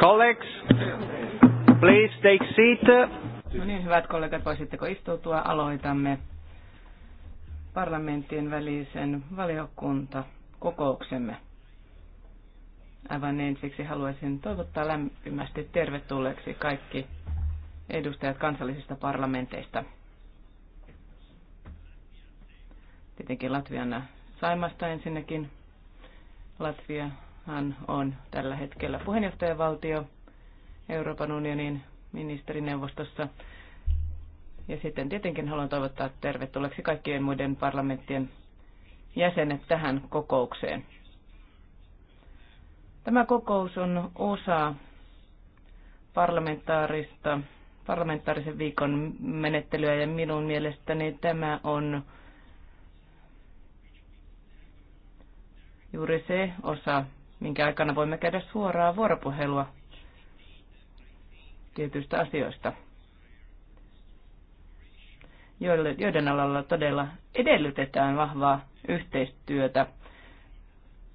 Colleagues, please take seat. No niin, hyvät kollegat, voisitteko istutua? Aloitamme parlamenttien välisen valiokuntakokouksemme. Aivan ensiksi haluaisin toivottaa lämpimästi tervetulleeksi kaikki edustajat kansallisista parlamenteista. Tietenkin Latvian Saimasta ensinnäkin. Latvia hän on tällä hetkellä puheenjohtajavaltio Euroopan unionin ministerineuvostossa. Ja sitten tietenkin haluan toivottaa tervetulleeksi kaikkien muiden parlamenttien jäsenet tähän kokoukseen. Tämä kokous on osa parlamentaarista, parlamentaarisen viikon menettelyä ja minun mielestäni tämä on juuri se osa minkä aikana voimme käydä suoraa vuoropuhelua tietyistä asioista, joiden alalla todella edellytetään vahvaa yhteistyötä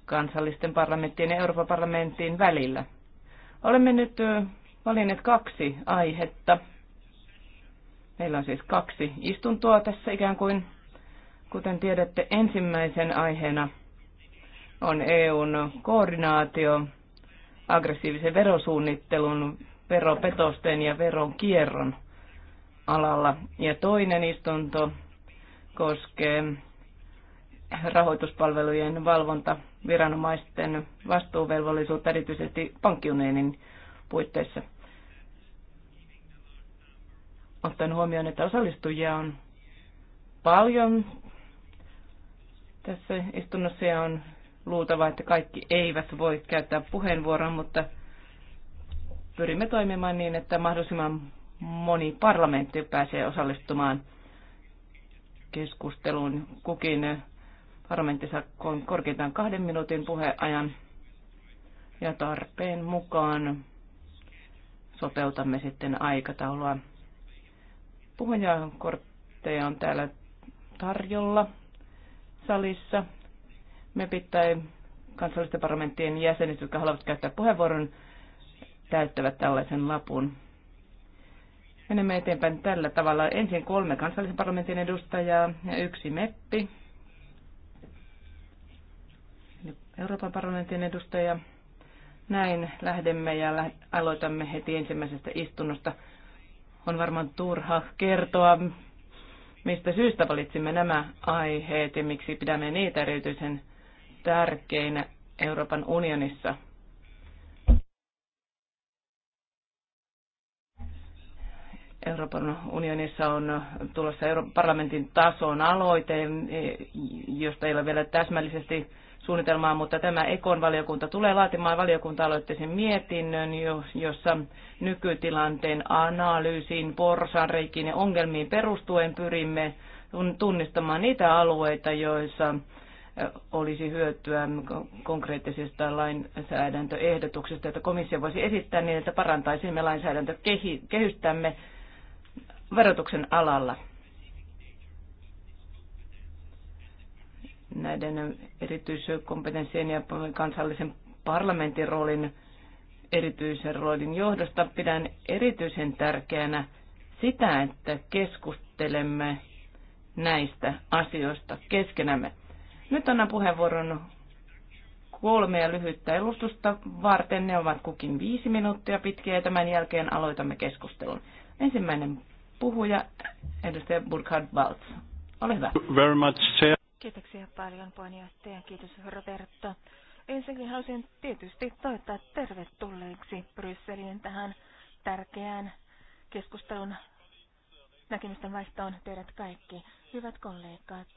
kansallisten parlamenttien ja Euroopan parlamentin välillä. Olemme nyt valinneet kaksi aihetta. Meillä on siis kaksi istuntoa tässä ikään kuin. Kuten tiedätte, ensimmäisen aiheena on EUn koordinaatio aggressiivisen verosuunnittelun, veropetosten ja veronkierron alalla. Ja toinen istunto koskee rahoituspalvelujen valvonta viranomaisten vastuuvelvollisuutta erityisesti pankkiuneenin puitteissa. Ottaen huomioon, että osallistujia on paljon tässä istunnossa ja on luultavaa, että kaikki eivät voi käyttää puheenvuoron, mutta pyrimme toimimaan niin, että mahdollisimman moni parlamentti pääsee osallistumaan keskusteluun. Kukin parlamentti saa korkeintaan kahden minuutin puheajan ja tarpeen mukaan sopeutamme sitten aikataulua. Puhujakortteja on täällä tarjolla salissa. MEPit tai kansallisten parlamenttien jäsenet, jotka haluavat käyttää puheenvuoron, täyttävät tällaisen lapun. Menemme eteenpäin tällä tavalla. Ensin kolme kansallisen parlamentin edustajaa ja yksi MEPPI. Euroopan parlamentin edustaja. Näin lähdemme ja aloitamme heti ensimmäisestä istunnosta. On varmaan turha kertoa, mistä syystä valitsimme nämä aiheet ja miksi pidämme niitä erityisen tärkeinä Euroopan unionissa. Euroopan unionissa on tulossa Euroopan parlamentin tason aloite, josta ei ole vielä täsmällisesti suunnitelmaa, mutta tämä Ekon valiokunta tulee laatimaan valiokunta-aloitteisen mietinnön, jossa nykytilanteen analyysiin, porsanreikiin ja ongelmiin perustuen pyrimme tunnistamaan niitä alueita, joissa olisi hyötyä konkreettisista lainsäädäntöehdotuksista, että komissio voisi esittää niin, että parantaisimme lainsäädäntökehystämme verotuksen alalla. Näiden erityiskompetenssien ja kansallisen parlamentin roolin erityisen roolin johdosta pidän erityisen tärkeänä sitä, että keskustelemme näistä asioista keskenämme. Nyt annan puheenvuoron kolmea lyhyttä elustusta varten. Ne ovat kukin viisi minuuttia pitkiä ja tämän jälkeen aloitamme keskustelun. Ensimmäinen puhuja, edustaja Burkhard Waltz. Ole hyvä. Very much, Kiitoksia paljon puheenjohtaja. Kiitos Roberto. Ensinnäkin haluaisin tietysti toivottaa tervetulleeksi Brysselin tähän tärkeään keskustelun näkemysten vaihtoon teidät kaikki. Hyvät kollegat,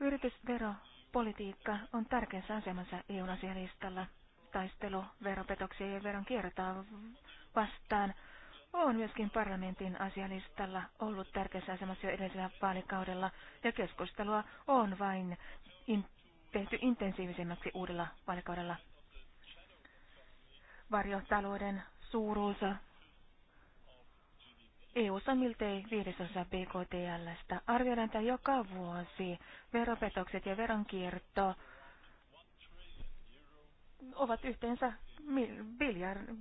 Yritysveropolitiikka on tärkeässä asemassa EUn asialistalla. Taistelu veropetoksia ja veron kiertoa vastaan on myöskin parlamentin asialistalla ollut tärkeässä asemassa jo edellisellä vaalikaudella, ja keskustelua on vain in, tehty intensiivisemmäksi uudella vaalikaudella. Varjotalouden suuruus EU-ssa miltei viidesosa BKTLstä. Arvioidaan, että joka vuosi veropetokset ja veronkierto ovat yhteensä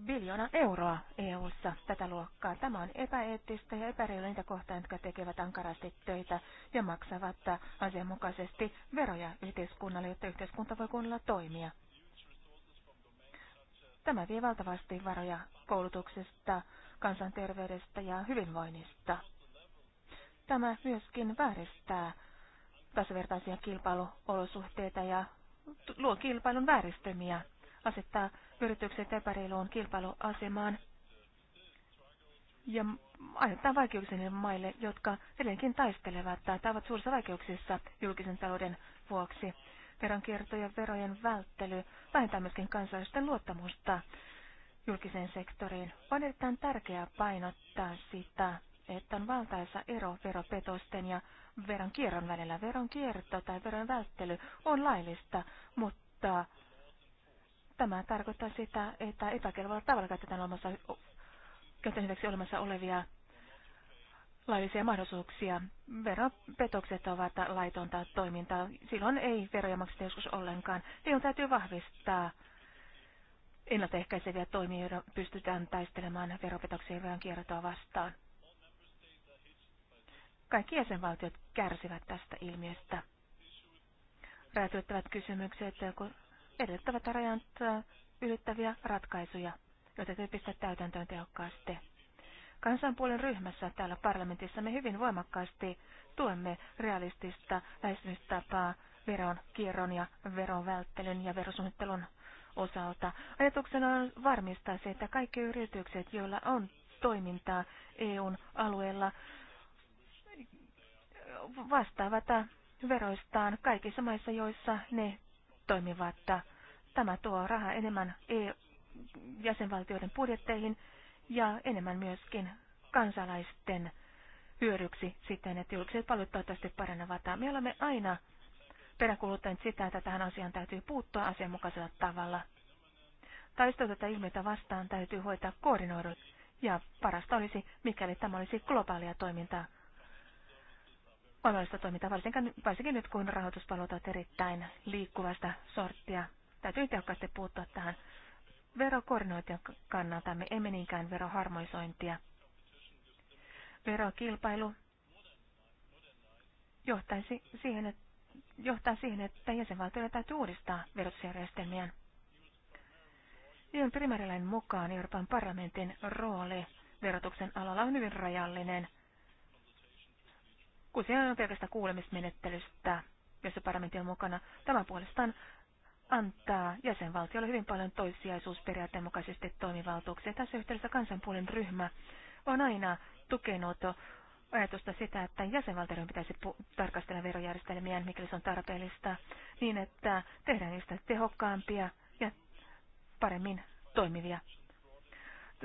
biljoona euroa EU-ssa tätä luokkaa. Tämä on epäeettistä ja epäreilua niitä kohtaan, jotka tekevät ankarasti töitä ja maksavat asianmukaisesti veroja yhteiskunnalle, jotta yhteiskunta voi kunnolla toimia. Tämä vie valtavasti varoja koulutuksesta, kansanterveydestä ja hyvinvoinnista. Tämä myöskin vääristää tasavertaisia kilpailuolosuhteita ja luo kilpailun vääristymiä, asettaa yritykset epäreiluun kilpailuasemaan ja aiheuttaa vaikeuksia maille, jotka edelleenkin taistelevat tai ovat suurissa vaikeuksissa julkisen talouden vuoksi. Veronkierto ja verojen välttely vähentää myöskin kansalaisten luottamusta julkiseen sektoriin. On erittäin tärkeää painottaa sitä, että on valtaisa ero veropetosten ja veronkierron välillä. Veronkierto tai veron välttely on laillista, mutta tämä tarkoittaa sitä, että epäkelvolla tavalla käytetään olemassa, käytetään hyväksi olemassa olevia laillisia mahdollisuuksia. Veropetokset ovat laitonta toimintaa. Silloin ei veroja makseta joskus ollenkaan. on täytyy vahvistaa ennaltaehkäiseviä toimia, joilla pystytään taistelemaan veropetoksia ja kiertoa vastaan. Kaikki jäsenvaltiot kärsivät tästä ilmiöstä. Rajatyöttävät kysymykset edellyttävät rajan äh, ylittäviä ratkaisuja, joita täytyy pistää täytäntöön tehokkaasti. Kansanpuolen ryhmässä täällä parlamentissa me hyvin voimakkaasti tuemme realistista lähestymistapaa veron kierron ja veron välttelyn ja verosuunnittelun osalta. Ajatuksena on varmistaa se, että kaikki yritykset, joilla on toimintaa EUn alueella, vastaavat veroistaan kaikissa maissa, joissa ne toimivat. Tämä tuo rahaa enemmän EU jäsenvaltioiden budjetteihin ja enemmän myöskin kansalaisten hyödyksi siten, että julkiset palvelut toivottavasti paranevat. Me olemme aina peräkuuluttanut sitä, että tähän asiaan täytyy puuttua asianmukaisella tavalla. Taistelu tätä ilmiötä vastaan täytyy hoitaa koordinoidut, ja parasta olisi, mikäli tämä olisi globaalia toimintaa. Oivallista toimintaa, varsinkin, varsinkin nyt kun rahoituspalvelut ovat erittäin liikkuvasta sorttia. Täytyy tehokkaasti puuttua tähän verokoordinointia kannalta, me emme niinkään veroharmoisointia. Verokilpailu johtaisi siihen, että johtaa siihen, että jäsenvaltioiden täytyy uudistaa verotusjärjestelmiään. EUn primäärilain mukaan Euroopan parlamentin rooli verotuksen alalla on hyvin rajallinen. Kyse on pelkästään kuulemismenettelystä, jossa parlamentti on mukana. Tämä puolestaan antaa jäsenvaltiolle hyvin paljon toissijaisuusperiaatteen mukaisesti toimivaltuuksia. Tässä yhteydessä kansanpuolen ryhmä on aina tukenut ajatusta sitä, että jäsenvaltioiden pitäisi tarkastella verojärjestelmiä, mikäli se on tarpeellista, niin että tehdään niistä tehokkaampia ja paremmin toimivia.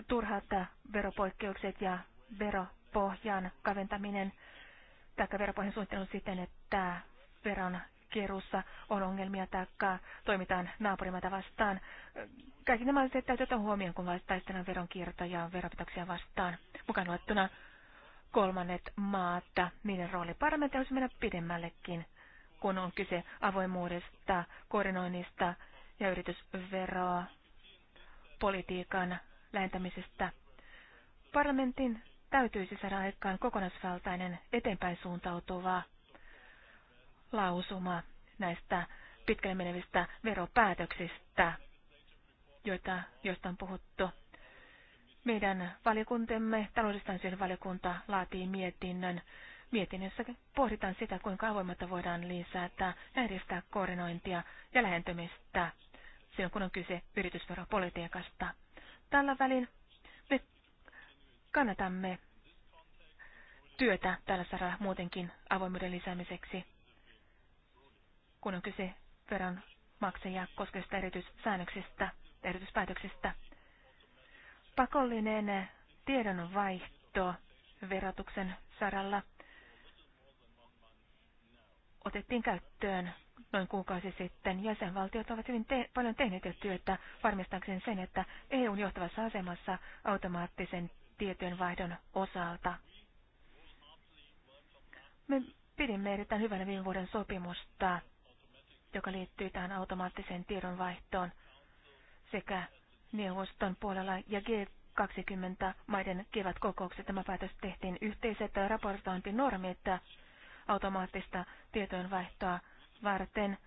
Turhat veropoikkeukset ja veropohjan kaventaminen tai veropohjan suunnittelu siten, että veron kierussa on ongelmia tai toimitaan naapurimaita vastaan. Kaikki nämä asiat täytyy ottaa huomioon, kun taistellaan veronkiertoja ja veropitoksia vastaan, mukaan luettuna kolmannet maat, niiden rooli parlamentti olisi mennä pidemmällekin, kun on kyse avoimuudesta, koordinoinnista ja yritysveroa, politiikan lähentämisestä. Parlamentin täytyisi saada aikaan kokonaisvaltainen eteenpäin suuntautuva lausuma näistä pitkälle menevistä veropäätöksistä, joita, joista on puhuttu meidän valiokuntemme, taloudistansiin valiokunta, laatii mietinnön. Mietinnössä pohditaan sitä, kuinka avoimatta voidaan lisätä ja edistää koordinointia ja lähentymistä silloin, kun on kyse yritysveropolitiikasta. Tällä välin me kannatamme työtä tällä saralla muutenkin avoimuuden lisäämiseksi, kun on kyse veron maksajia koskevista erityissäännöksistä, erityispäätöksistä. Pakollinen tiedonvaihto verotuksen saralla otettiin käyttöön noin kuukausi sitten. Jäsenvaltiot ovat hyvin te- paljon tehneet jo työtä varmistaakseen sen, että EUn johtavassa asemassa automaattisen tietojenvaihdon osalta. Me pidimme erittäin hyvänä viime vuoden sopimusta, joka liittyy tähän automaattiseen tiedonvaihtoon sekä neuvoston puolella ja G20 maiden kevätkokouksessa tämä päätös tehtiin yhteiset raportointinormit automaattista tietojenvaihtoa varten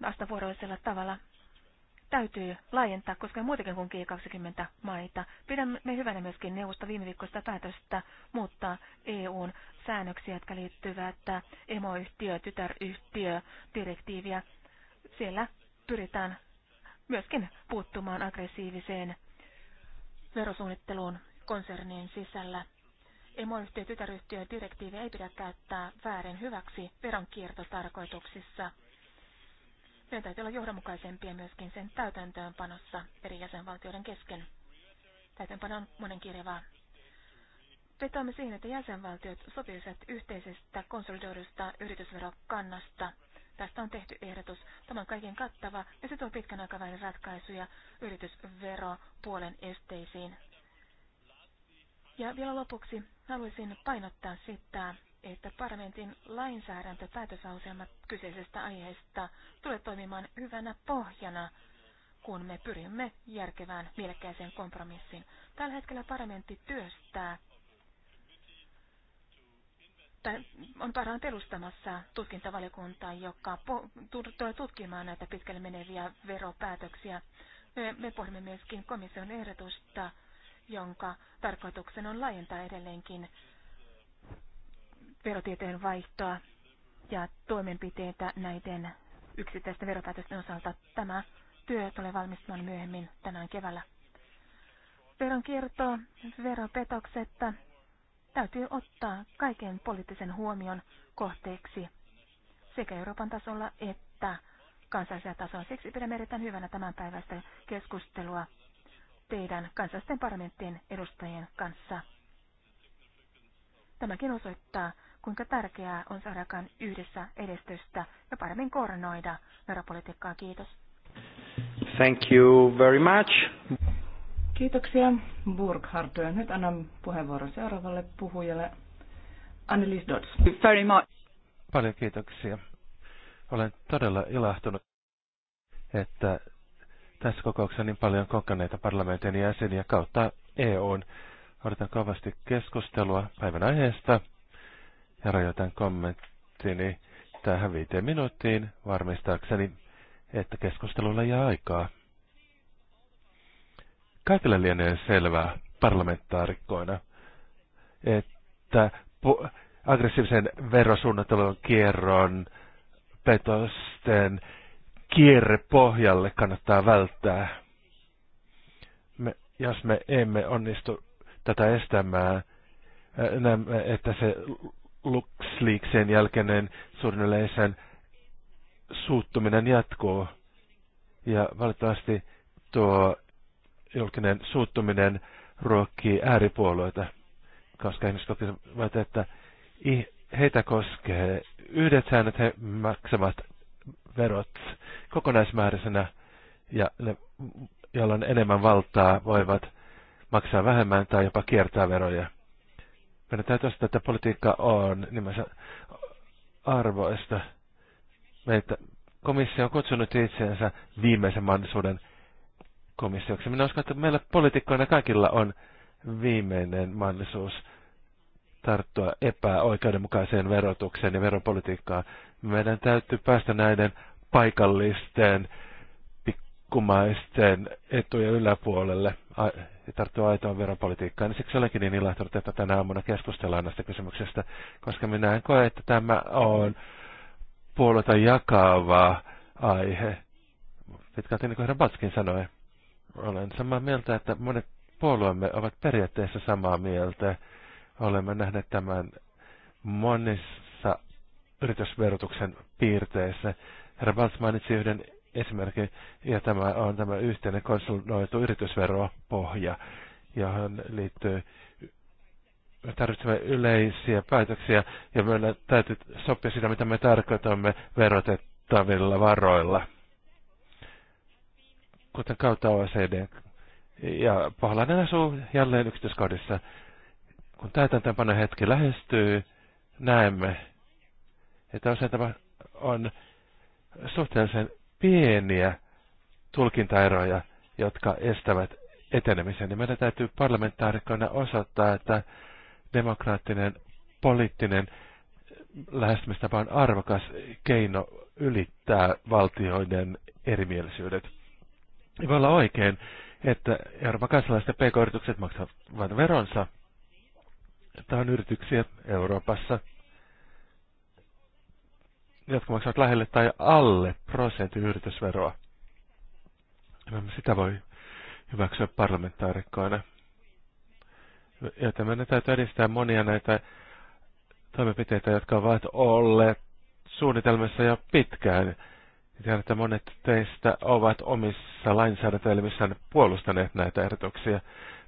vastavuoroisella tavalla täytyy laajentaa koska muutenkin kuin G20 maita. Pidämme hyvänä myöskin neuvosta viime viikosta päätöstä muuttaa EUn säännöksiä, jotka liittyvät emoyhtiö, tytäryhtiö, direktiiviä. Siellä pyritään myöskin puuttumaan aggressiiviseen verosuunnitteluun konsernien sisällä. Emoyhtiö tytäryhtiö direktiivi ei pidä käyttää väärin hyväksi veronkiertotarkoituksissa. Meidän täytyy olla johdonmukaisempia myöskin sen täytäntöönpanossa eri jäsenvaltioiden kesken. Täytäntöönpano on kirjavaa. Vetoamme siihen, että jäsenvaltiot sopisivat yhteisestä konsolidoidusta yritysverokannasta – Tästä on tehty ehdotus. Tämä on kaiken kattava ja se tuo pitkän aikavälin ratkaisuja yritysveropuolen esteisiin. Ja vielä lopuksi haluaisin painottaa sitä, että parlamentin lainsäädäntöpäätösauselma kyseisestä aiheesta tulee toimimaan hyvänä pohjana, kun me pyrimme järkevään mielekkäiseen kompromissiin. Tällä hetkellä parlamentti työstää tai on parhaan perustamassa tutkintavaliokuntaa, joka tulee tutkimaan näitä pitkälle meneviä veropäätöksiä. Me, me pohdimme myöskin komission ehdotusta, jonka tarkoituksena on laajentaa edelleenkin verotietojen vaihtoa ja toimenpiteitä näiden yksittäisten veropäätösten osalta. Tämä työ tulee valmistumaan myöhemmin tänään keväällä. Veronkierto, veropetokset, täytyy ottaa kaiken poliittisen huomion kohteeksi sekä Euroopan tasolla että kansallisella tasolla. Siksi pidämme erittäin hyvänä tämän päivästä keskustelua teidän kansallisten parlamenttien edustajien kanssa. Tämäkin osoittaa, kuinka tärkeää on saada yhdessä edistystä ja paremmin koordinoida veropolitiikkaa. Kiitos. Thank you very much. Kiitoksia Burkhardt. Nyt annan puheenvuoron seuraavalle puhujalle Annelies Dodds. Very much. Paljon kiitoksia. Olen todella ilahtunut, että tässä kokouksessa niin paljon kokeneita parlamentin jäseniä kautta EUn. Odotan kovasti keskustelua päivän aiheesta ja rajoitan kommenttini tähän viiteen minuuttiin varmistaakseni, että keskustelulla jää aikaa kaikille lienee selvää parlamentaarikkoina, että aggressiivisen verosuunnittelun kierron petosten kierre pohjalle kannattaa välttää. Me, jos me emme onnistu tätä estämään, äh, näemme, että se LuxLeaksen jälkeinen suurin suuttuminen jatkuu. Ja valitettavasti tuo julkinen suuttuminen ruokkii ääripuolueita, koska ihmiset kokevat, että heitä koskee yhdet säännöt, he maksavat verot kokonaismääräisenä ja ne, joilla on enemmän valtaa, voivat maksaa vähemmän tai jopa kiertää veroja. Meidän täytyy osata, että politiikka on nimensä arvoista. Meitä komissio on kutsunut itseensä viimeisen mahdollisuuden komissioksi. Minä uskon, että meillä poliitikkoina kaikilla on viimeinen mahdollisuus tarttua epäoikeudenmukaiseen verotukseen ja veropolitiikkaan. Meidän täytyy päästä näiden paikallisten, pikkumaisten etujen yläpuolelle ja tarttua aitoon veropolitiikkaan. Niin siksi olenkin niin ilahtunut, että tänä aamuna keskustellaan näistä kysymyksistä, koska minä en koe, että tämä on puolueita jakava aihe. Pitkälti niin kuin herra Batskin sanoi. Olen samaa mieltä, että monet puolueemme ovat periaatteessa samaa mieltä. Olemme nähneet tämän monissa yritysverotuksen piirteissä. Herra Valts mainitsi yhden esimerkin, ja tämä on tämä yhteinen konsolidoitu yritysveropohja, johon liittyy me tarvitsemme yleisiä päätöksiä ja meillä täytyy sopia sitä, mitä me tarkoitamme verotettavilla varoilla kuten kautta OECD. Ja pahalainen asuu jälleen yksityiskohdissa. Kun täytäntöönpano hetki lähestyy, näemme, että usein tämä on suhteellisen pieniä tulkintaeroja, jotka estävät etenemisen. Ja meidän täytyy parlamentaarikkoina osoittaa, että demokraattinen poliittinen lähestymistapa on arvokas keino ylittää valtioiden erimielisyydet voi olla oikein, että Euroopan kansalaiset ja pk-yritykset maksavat veronsa. Tämä on yrityksiä Euroopassa, jotka maksavat lähelle tai alle prosentin yritysveroa. Sitä voi hyväksyä parlamentaarikkoina. Joten meidän täytyy edistää monia näitä toimenpiteitä, jotka ovat olleet suunnitelmissa jo pitkään Tiedän, että monet teistä ovat omissa lainsäädäntöelimissään puolustaneet näitä ehdotuksia.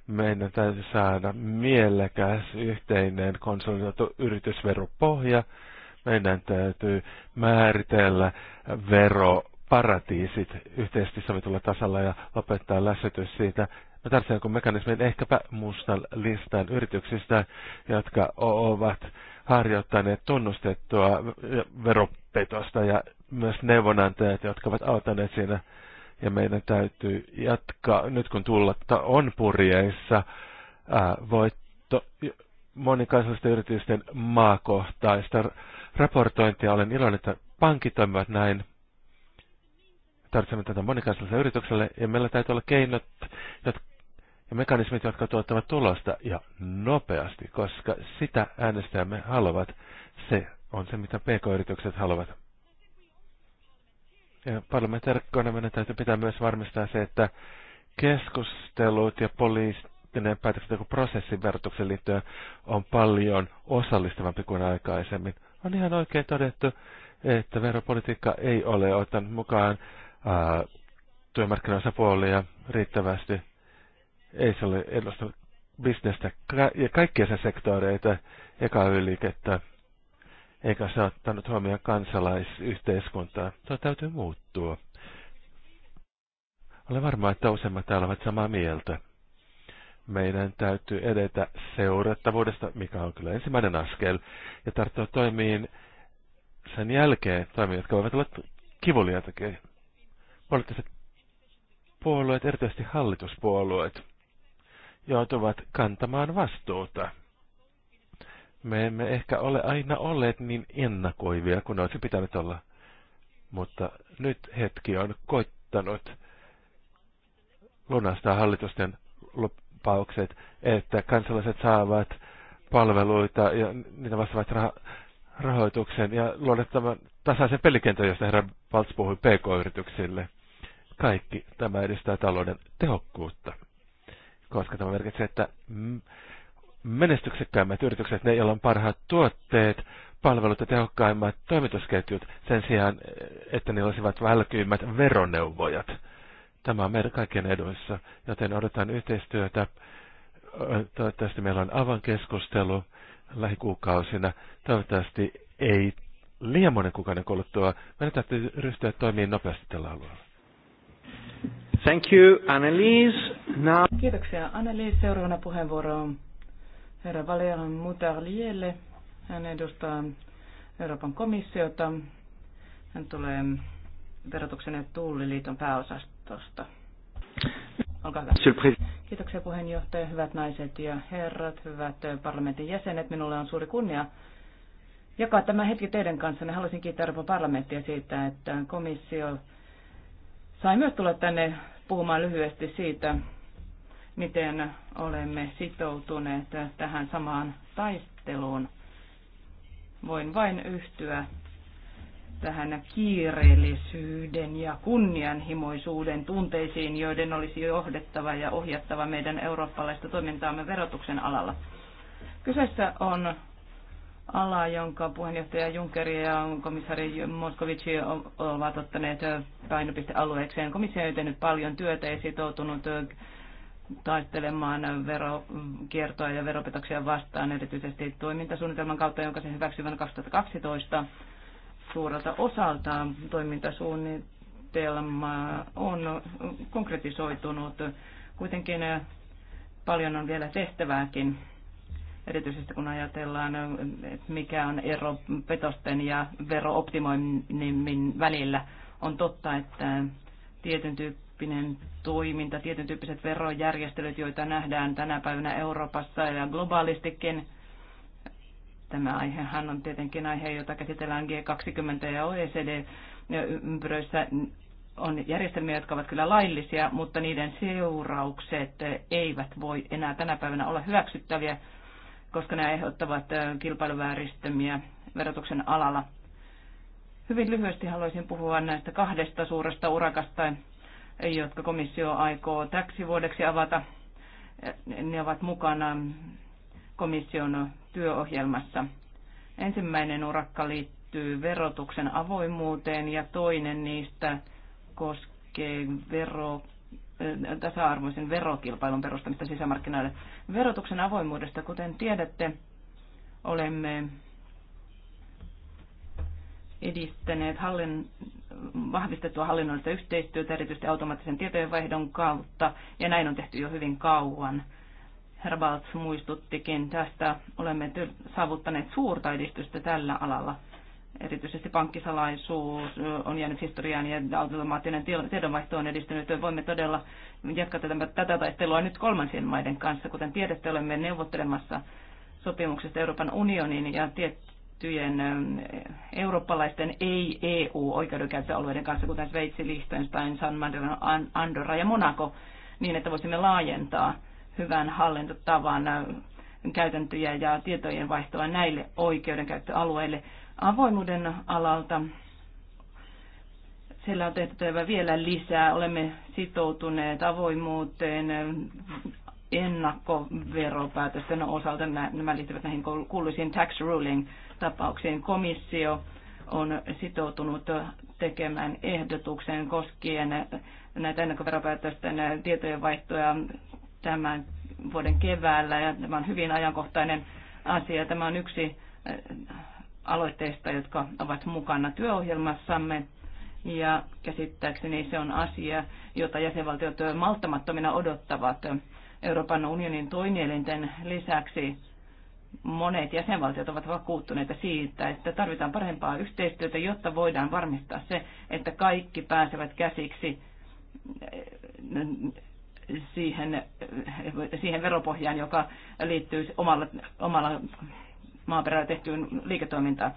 Meidän täytyy saada mielekäs yhteinen konsolidoitu yritysveropohja. Meidän täytyy määritellä veroparatiisit yhteisesti sovitulla tasalla ja lopettaa lässytys siitä. Me tarvitsemme mekanismin ehkäpä mustan listan yrityksistä, jotka ovat harjoittaneet tunnustettua veropetosta ja myös neuvonantajat, jotka ovat auttaneet siinä. Ja meidän täytyy jatkaa, nyt kun tullatta on purjeissa, voitto monikansallisten yritysten maakohtaista raportointia. Olen iloinen, että pankit toimivat näin. Tarvitsemme tätä monikansalliselle yritykselle ja meillä täytyy olla keinot, jotka ja mekanismit, jotka tuottavat tulosta ja nopeasti, koska sitä äänestäjämme haluavat. Se on se, mitä pk-yritykset haluavat. Ja parlamentaarikkoina meidän täytyy pitää myös varmistaa se, että keskustelut ja poliittinen prosessin verotuksen liittyen on paljon osallistavampi kuin aikaisemmin. On ihan oikein todettu, että veropolitiikka ei ole ottanut mukaan ää, puolia riittävästi ei se ole edustanut bisnestä ja kaikkia sen sektoreita, eka yliikettä, eikä se ottanut huomioon kansalaisyhteiskuntaa. Tuo täytyy muuttua. Olen varma, että useimmat täällä ovat samaa mieltä. Meidän täytyy edetä seurattavuudesta, mikä on kyllä ensimmäinen askel, ja tarttua toimiin sen jälkeen toimia, jotka voivat olla kivuliaitakin. Poliittiset puolueet, erityisesti hallituspuolueet, joutuvat kantamaan vastuuta. Me emme ehkä ole aina olleet niin ennakoivia kuin olisi pitänyt olla, mutta nyt hetki on koittanut lunastaa hallitusten lupaukset, että kansalaiset saavat palveluita ja niitä vastaavat rah- rahoituksen ja luoda tämän tasaisen pelikentän, josta herra Valtz puhui PK-yrityksille. Kaikki tämä edistää talouden tehokkuutta koska tämä merkitsee, että menestyksekkäimmät yritykset, ne joilla on parhaat tuotteet, palvelut ja tehokkaimmat toimitusketjut sen sijaan, että ne olisivat välkyimmät veroneuvojat. Tämä on meidän kaikkien eduissa, joten odotan yhteistyötä. Toivottavasti meillä on avan keskustelu lähikuukausina. Toivottavasti ei liian monen kuukauden kuluttua. Meidän täytyy ryhtyä toimiin nopeasti tällä alueella. Thank you, Annelies. Now... Kiitoksia, Annelies. Seuraavana puheenvuoro on herra Valerian Mutarlielle. Hän edustaa Euroopan komissiota. Hän tulee verotuksen ja tulliliiton pääosastosta. Olkaa hyvä. Kiitoksia puheenjohtaja, hyvät naiset ja herrat, hyvät parlamentin jäsenet. Minulle on suuri kunnia jakaa tämä hetki teidän kanssanne. Haluaisin kiittää Euroopan parlamenttia siitä, että komissio sai myös tulla tänne puhumaan lyhyesti siitä, miten olemme sitoutuneet tähän samaan taisteluun. Voin vain yhtyä tähän kiireellisyyden ja kunnianhimoisuuden tunteisiin, joiden olisi johdettava ja ohjattava meidän eurooppalaista toimintaamme verotuksen alalla. Kyseessä on ala, jonka puheenjohtaja Juncker ja komissaari Moskovici ovat ottaneet painopistealueekseen. Komissio on tehnyt paljon työtä ja sitoutunut taistelemaan verokiertoa ja veropetoksia vastaan, erityisesti toimintasuunnitelman kautta, jonka se hyväksyi vuonna 2012. Suurelta osaltaan toimintasuunnitelma on konkretisoitunut. Kuitenkin paljon on vielä tehtävääkin erityisesti kun ajatellaan, mikä on ero petosten ja verooptimoinnin välillä. On totta, että tietyn tyyppinen toiminta, tietyn tyyppiset verojärjestelyt, joita nähdään tänä päivänä Euroopassa ja globaalistikin, Tämä aihehan on tietenkin aihe, jota käsitellään G20 ja OECD-ympyröissä. On järjestelmiä, jotka ovat kyllä laillisia, mutta niiden seuraukset eivät voi enää tänä päivänä olla hyväksyttäviä koska ne aiheuttavat kilpailuvääristymiä verotuksen alalla. Hyvin lyhyesti haluaisin puhua näistä kahdesta suuresta urakasta, jotka komissio aikoo täksi vuodeksi avata. Ne ovat mukana komission työohjelmassa. Ensimmäinen urakka liittyy verotuksen avoimuuteen ja toinen niistä koskee vero Äh, tasa-arvoisen verokilpailun perustamista sisämarkkinoille. Verotuksen avoimuudesta, kuten tiedätte, olemme edistäneet hallin, vahvistettua hallinnollista yhteistyötä erityisesti automaattisen tietojenvaihdon kautta, ja näin on tehty jo hyvin kauan. Herra Baltz muistuttikin tästä, olemme saavuttaneet suurta edistystä tällä alalla erityisesti pankkisalaisuus on jäänyt historiaan ja automaattinen tiedonvaihto on edistynyt. Voimme todella jatkaa tätä, tätä taistelua nyt kolmansien maiden kanssa. Kuten tiedätte, olemme neuvottelemassa sopimuksesta Euroopan unionin ja tiettyjen eh, eurooppalaisten ei-EU-oikeudenkäyttöalueiden kanssa, kuten Sveitsi, Liechtenstein, San Marino, Andorra ja Monaco, niin että voisimme laajentaa hyvän hallintotavan eh, käytäntöjä ja tietojen vaihtoa näille oikeudenkäyttöalueille avoimuuden alalta. Siellä on tehtävä vielä lisää. Olemme sitoutuneet avoimuuteen ennakkoveropäätösten osalta. Nämä liittyvät näihin kuuluisiin tax ruling-tapauksiin. Komissio on sitoutunut tekemään ehdotuksen koskien näitä ennakkoveropäätösten tietojenvaihtoja tämän vuoden keväällä. Ja tämä on hyvin ajankohtainen asia. Tämä on yksi aloitteista, jotka ovat mukana työohjelmassamme. Ja käsittääkseni se on asia, jota jäsenvaltiot malttamattomina odottavat. Euroopan unionin toimielinten lisäksi monet jäsenvaltiot ovat vakuuttuneita siitä, että tarvitaan parempaa yhteistyötä, jotta voidaan varmistaa se, että kaikki pääsevät käsiksi eh, siihen, eh, siihen veropohjaan, joka liittyy omalla, omalla maaperällä tehtyyn liiketoimintaan.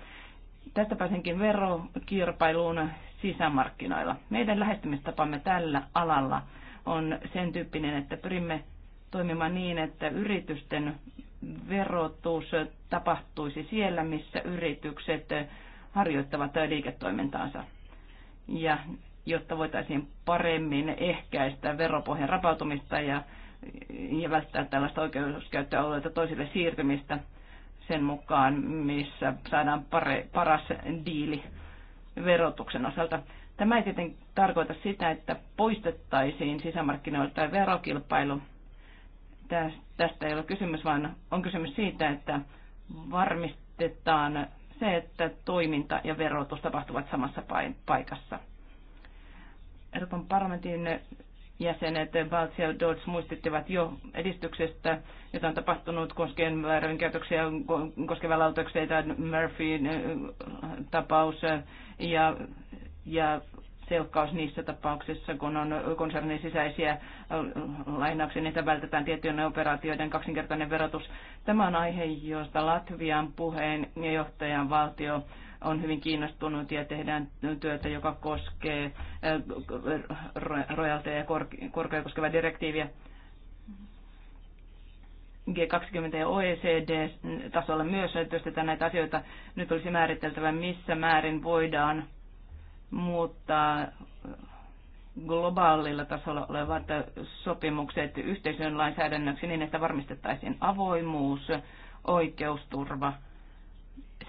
Tästä pääsenkin verokirpailuun sisämarkkinoilla. Meidän lähestymistapamme tällä alalla on sen tyyppinen, että pyrimme toimimaan niin, että yritysten verotus tapahtuisi siellä, missä yritykset harjoittavat liiketoimintaansa. Ja jotta voitaisiin paremmin ehkäistä veropohjan rapautumista ja, ja välttää tällaista oikeuskäyttöalueita toisille siirtymistä sen mukaan, missä saadaan pare, paras diili verotuksen osalta. Tämä ei tietenkin tarkoita sitä, että poistettaisiin sisämarkkinoilta tai verokilpailu. Tästä ei ole kysymys, vaan on kysymys siitä, että varmistetaan se, että toiminta ja verotus tapahtuvat samassa paikassa. Euroopan parlamentin jäsenet Balts ja Dodds muistuttivat jo edistyksestä, jota on tapahtunut koskien väärinkäytöksiä, koskevia lautakseita, Murphyin äh, tapaus äh, ja, ja selkkaus niissä tapauksissa, kun on konsernin sisäisiä äh, lainauksia, niitä vältetään tiettyjen operaatioiden kaksinkertainen verotus. Tämä on aihe, josta Latvian puheenjohtajan valtio on hyvin kiinnostunut ja tehdään työtä, joka koskee äh, rojalteja ja korkoja koskevaa direktiiviä. G20 ja OECD-tasolla myös työstetään näitä asioita. Nyt olisi määriteltävä, missä määrin voidaan muuttaa globaalilla tasolla olevat sopimukset yhteisön lainsäädännöksi niin, että varmistettaisiin avoimuus, oikeusturva –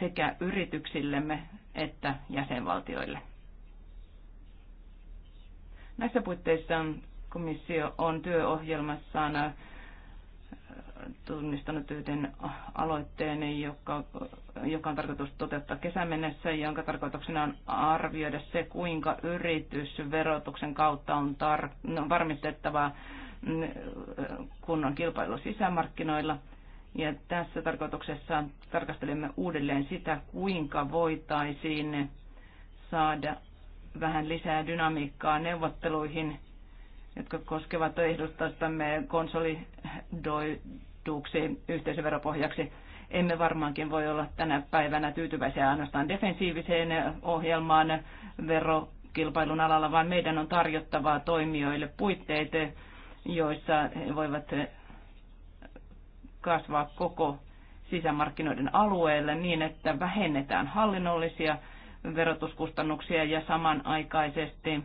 sekä yrityksillemme että jäsenvaltioille. Näissä puitteissa komissio on työohjelmassaan äh, tunnistanut yhden aloitteen, joka, joka on tarkoitus toteuttaa kesän mennessä, jonka tarkoituksena on arvioida se, kuinka yritysverotuksen kautta on tar- no, varmistettava mm, äh, kunnon kilpailu sisämarkkinoilla – ja tässä tarkoituksessa tarkastelemme uudelleen sitä, kuinka voitaisiin saada vähän lisää dynamiikkaa neuvotteluihin, jotka koskevat ehdostastamme konsolidoiduksi yhteisöveropohjaksi. Emme varmaankin voi olla tänä päivänä tyytyväisiä ainoastaan defensiiviseen ohjelmaan verokilpailun alalla, vaan meidän on tarjottava toimijoille puitteet, joissa he voivat kasvaa koko sisämarkkinoiden alueelle niin, että vähennetään hallinnollisia verotuskustannuksia ja samanaikaisesti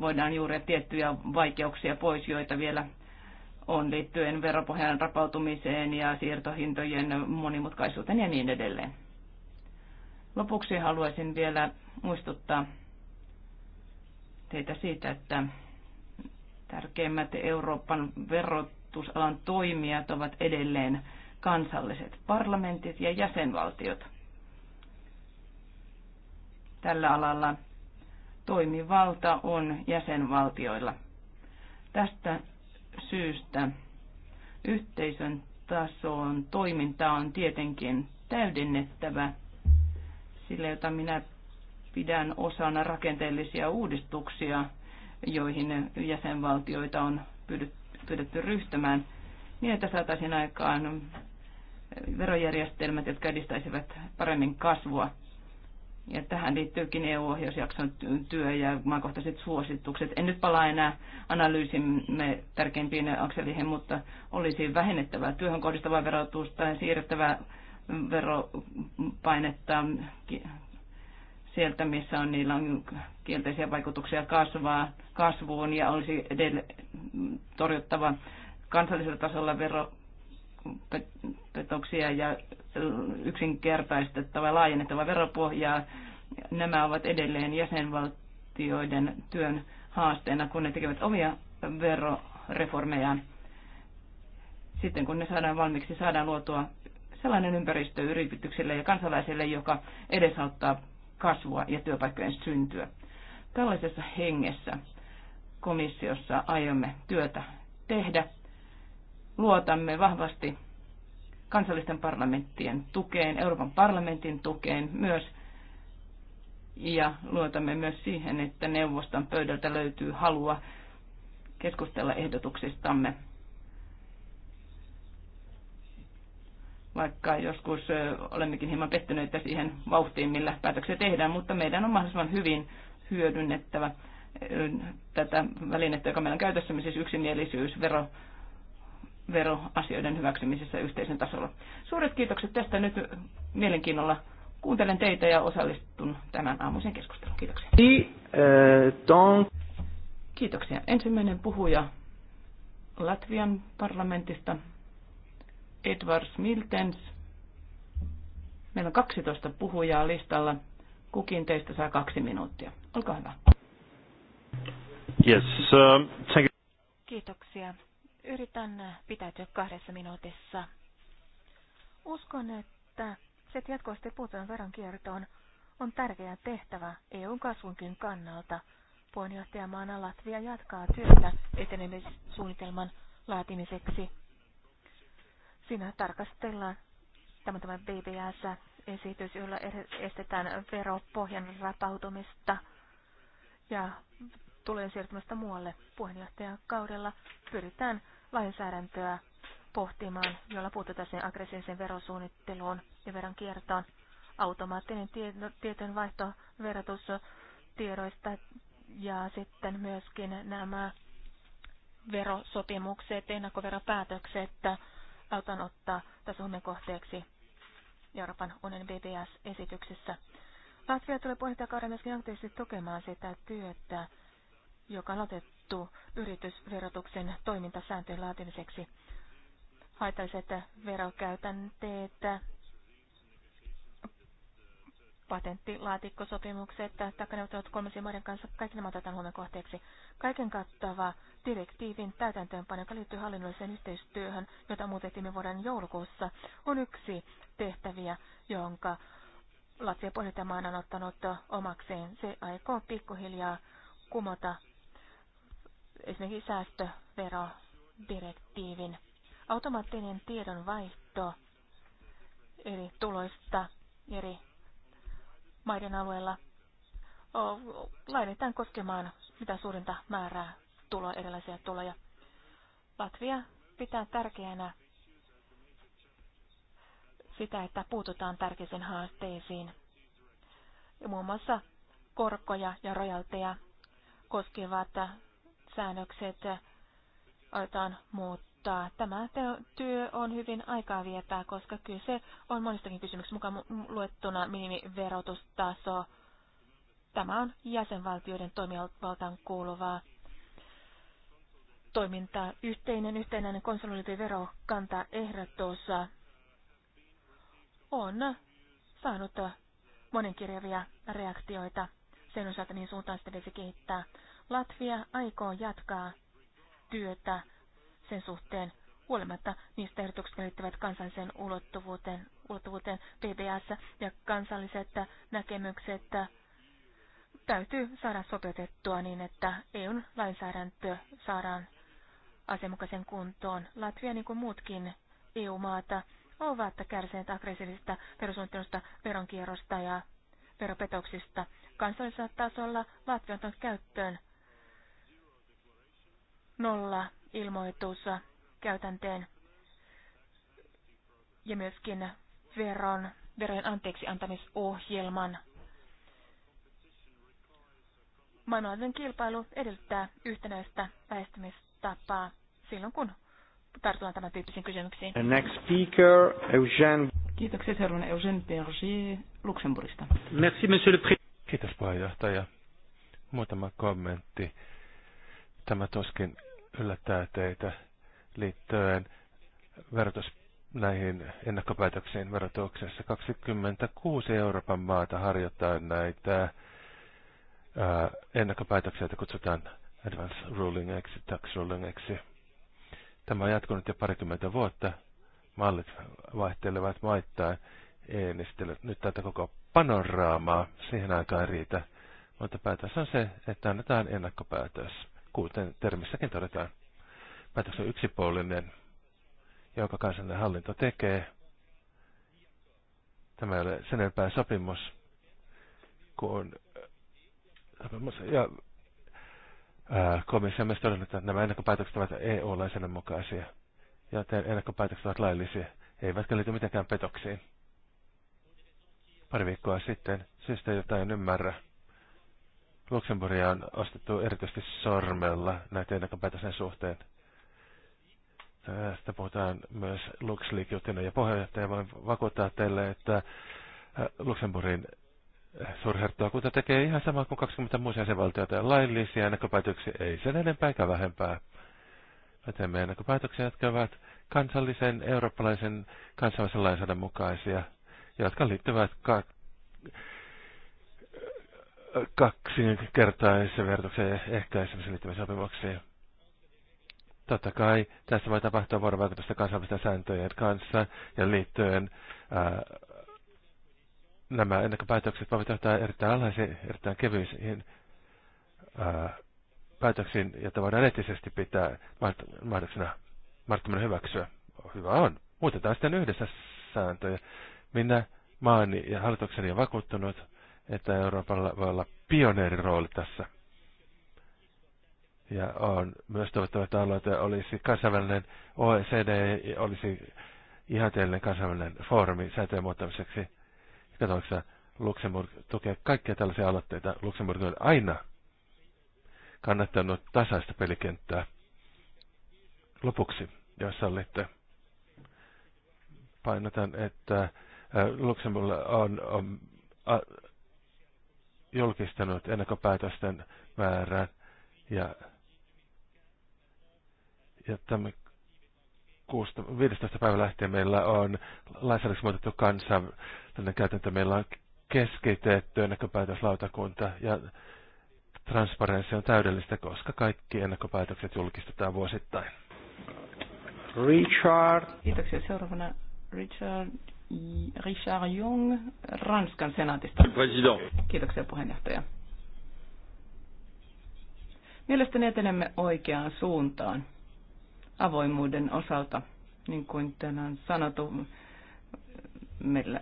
voidaan juuri tiettyjä vaikeuksia pois, joita vielä on liittyen veropohjan rapautumiseen ja siirtohintojen monimutkaisuuteen ja niin edelleen. Lopuksi haluaisin vielä muistuttaa teitä siitä, että tärkeimmät Euroopan verot puolustusalan toimijat ovat edelleen kansalliset parlamentit ja jäsenvaltiot. Tällä alalla toimivalta on jäsenvaltioilla. Tästä syystä yhteisön tason toiminta on tietenkin täydennettävä sillä, jota minä pidän osana rakenteellisia uudistuksia, joihin jäsenvaltioita on pyydetty ryhtymään niin, että saataisiin aikaan verojärjestelmät, jotka edistäisivät paremmin kasvua. Ja tähän liittyykin EU-ohjausjakson työ ja maakohtaiset suositukset. En nyt palaa enää analyysimme tärkeimpiin akseliin, mutta olisi vähennettävää työhön kohdistavaa verotusta ja siirrettävää veropainetta sieltä, missä on, niillä on kielteisiä vaikutuksia kasvaa, kasvuun ja olisi edelle, torjuttava kansallisella tasolla veropetoksia ja yksinkertaistettava ja laajennettava veropohjaa. Nämä ovat edelleen jäsenvaltioiden työn haasteena, kun ne tekevät omia veroreformejaan. Sitten kun ne saadaan valmiiksi, saadaan luotua sellainen ympäristö yrityksille ja kansalaisille, joka edesauttaa kasvua ja työpaikkojen syntyä. Tällaisessa hengessä komissiossa aiomme työtä tehdä. Luotamme vahvasti kansallisten parlamenttien tukeen, Euroopan parlamentin tukeen myös, ja luotamme myös siihen, että neuvoston pöydältä löytyy halua keskustella ehdotuksistamme vaikka joskus olemmekin hieman pettyneitä siihen vauhtiin, millä päätöksiä tehdään, mutta meidän on mahdollisimman hyvin hyödynnettävä tätä välinettä, joka meillä on käytössämme, siis yksimielisyys vero, veroasioiden hyväksymisessä yhteisen tasolla. Suuret kiitokset tästä nyt mielenkiinnolla. Kuuntelen teitä ja osallistun tämän aamuisen keskusteluun. Kiitoksia. Kiitoksia. Ensimmäinen puhuja Latvian parlamentista, Edwards Miltens. Meillä on 12 puhujaa listalla. Kukin teistä saa kaksi minuuttia. Olkaa hyvä. Yes, uh, thank you. Kiitoksia. Yritän pitäytyä kahdessa minuutissa. Uskon, että se, että jatkuvasti puhutaan kiertoon on tärkeä tehtävä EUn kasvunkin kannalta. Puheenjohtajamaana Latvia jatkaa työtä etenemissuunnitelman laatimiseksi Siinä tarkastellaan tämä, tämä BBS-esitys, jolla estetään veropohjan rapautumista ja tulee siirtymästä muualle kaudella Pyritään lainsäädäntöä pohtimaan, jolla puututaan sen aggressiiviseen verosuunnitteluun ja kiertoon. Automaattinen tietojenvaihto vaihto verotustiedoista ja sitten myöskin nämä verosopimukset, ennakkoveropäätökset, autan ottaa tässä huomion kohteeksi Euroopan unionin BBS-esityksessä. Latvia tulee puheenjohtajakauden myöskin aktiivisesti tukemaan sitä työtä, joka on otettu yritysverotuksen toimintasääntöjen laatimiseksi. Haitalliset verokäytänteet patenttilaatikkosopimukset tai neuvottelut kolmansien maiden kanssa, kaikki nämä otetaan huomioon kohteeksi. Kaiken kattava direktiivin täytäntöönpano, joka liittyy hallinnolliseen yhteistyöhön, jota muutettiin me vuoden joulukuussa, on yksi tehtäviä, jonka Latvia Pohjoitamaan on ottanut omakseen. Se aikoo pikkuhiljaa kumota esimerkiksi säästöverodirektiivin. Automaattinen tiedonvaihto eri tuloista eri maiden alueella laitetaan koskemaan mitä suurinta määrää tuloa, erilaisia tuloja. Latvia pitää tärkeänä sitä, että puututaan tärkeisiin haasteisiin. Ja muun muassa korkoja ja rojalteja koskevat säännökset aletaan muuttaa mutta tämä työ on hyvin aikaa vietää, koska kyse on monistakin kysymyksistä mukaan luettuna minimiverotustaso. Tämä on jäsenvaltioiden toimivaltaan kuuluvaa toimintaa. Yhteinen yhtenäinen konsolidointiverokanta ehdotus on saanut monenkirjavia reaktioita. Sen osalta niin suuntaan sitä kehittää. Latvia aikoo jatkaa työtä sen suhteen huolimatta niistä ehdotuksista liittyvät kansalliseen ulottuvuuteen, ulottuvuuteen PBS ja kansalliset näkemykset täytyy saada sopeutettua niin, että EUn lainsäädäntö saadaan asianmukaisen kuntoon. Latvia, niin kuin muutkin EU-maata, ovat kärsineet aggressiivisesta perusuunnittelusta, veronkierrosta ja veropetoksista. Kansallisella tasolla Latvia on käyttöön nolla ilmoitus käytänteen ja myöskin veron, verojen anteeksi antamisohjelman. Maailmanlaajuinen kilpailu edellyttää yhtenäistä väestymistapaa silloin, kun tartutaan tämän tyyppisiin kysymyksiin. The next speaker, Eugène. Kiitoksia seuraavana Eugène Berger Luxemburgista. Merci, monsieur le président. Kiitos puheenjohtaja. Muutama kommentti. Tämä tuskin yllättää teitä liittyen verotus näihin ennakkopäätöksiin verotuksessa. 26 Euroopan maata harjoittaa näitä ää, ennakkopäätöksiä, joita kutsutaan advance rulingiksi, tax rulingiksi. Tämä on jatkunut jo parikymmentä vuotta. Mallit vaihtelevat maittain. En nyt tätä koko panoraamaa. Siihen aikaan riitä. Mutta päätös on se, että annetaan ennakkopäätös kuten termissäkin todetaan. Päätös on yksipuolinen, jonka kansallinen hallinto tekee. Tämä ei ole sen enempää sopimus kuin äh, sopimus. Ja äh, komissio on myös todennut, että nämä ennakkopäätökset ovat EU-lainsäädännön mukaisia. Ja ennakkopäätökset ovat laillisia, eivätkä liity mitenkään petoksiin. Pari viikkoa sitten, syystä jota en ymmärrä, Luxemburgia on ostettu erityisesti sormella näitä ennakkopäätösten suhteen. Tästä puhutaan myös luxleaks ja puheenjohtaja voin vakuuttaa teille, että äh, Luxemburgin äh, kun tekee ihan samaa kuin 20 muissa jäsenvaltioita, ja laillisia ennakkopäätöksiä ei sen enempää eikä vähempää. Me teemme ennakkopäätöksiä, jotka ovat kansallisen, eurooppalaisen, kansainvälisen lainsäädännön mukaisia, jotka liittyvät ka- se vertuksen ehkäisemisen liittymisen sopimuksiin. Totta kai tässä voi tapahtua vuorovaikutusta kansainvälisten sääntöjen kanssa ja liittyen ää, nämä ennakkopäätökset voivat johtaa erittäin alhaisiin, erittäin kevyisiin päätöksiin, joita voidaan eettisesti pitää mahdollisena markkinoiden hyväksyä. Hyvä on. Muutetaan sitten yhdessä sääntöjä. Minä, maani ja hallitukseni on vakuuttunut, että Euroopalla voi olla pioneerirooli tässä. Ja on myös toivottava, että aloite olisi kansainvälinen OECD, olisi ihanteellinen kansainvälinen foorumi säätöjen muuttamiseksi. Katsotaanko, Luxemburg tukee kaikkia tällaisia aloitteita. Luxemburg on aina kannattanut tasaista pelikenttää. Lopuksi, jos sallitte, painotan, että äh, Luxemburg on, on julkistanut ennakkopäätösten määrän ja, ja tämän 15. päivän lähtien meillä on lainsäädännöksi muutettu kansainvälinen käytäntö. Meillä on keskitetty ennakkopäätöslautakunta ja transparenssi on täydellistä, koska kaikki ennakkopäätökset julkistetaan vuosittain. Richard. Kiitoksia. Seuraavana Richard Richard Jung Ranskan senaatista. President. Kiitoksia puheenjohtaja. Mielestäni etenemme oikeaan suuntaan avoimuuden osalta. Niin kuin tänään sanottu, meillä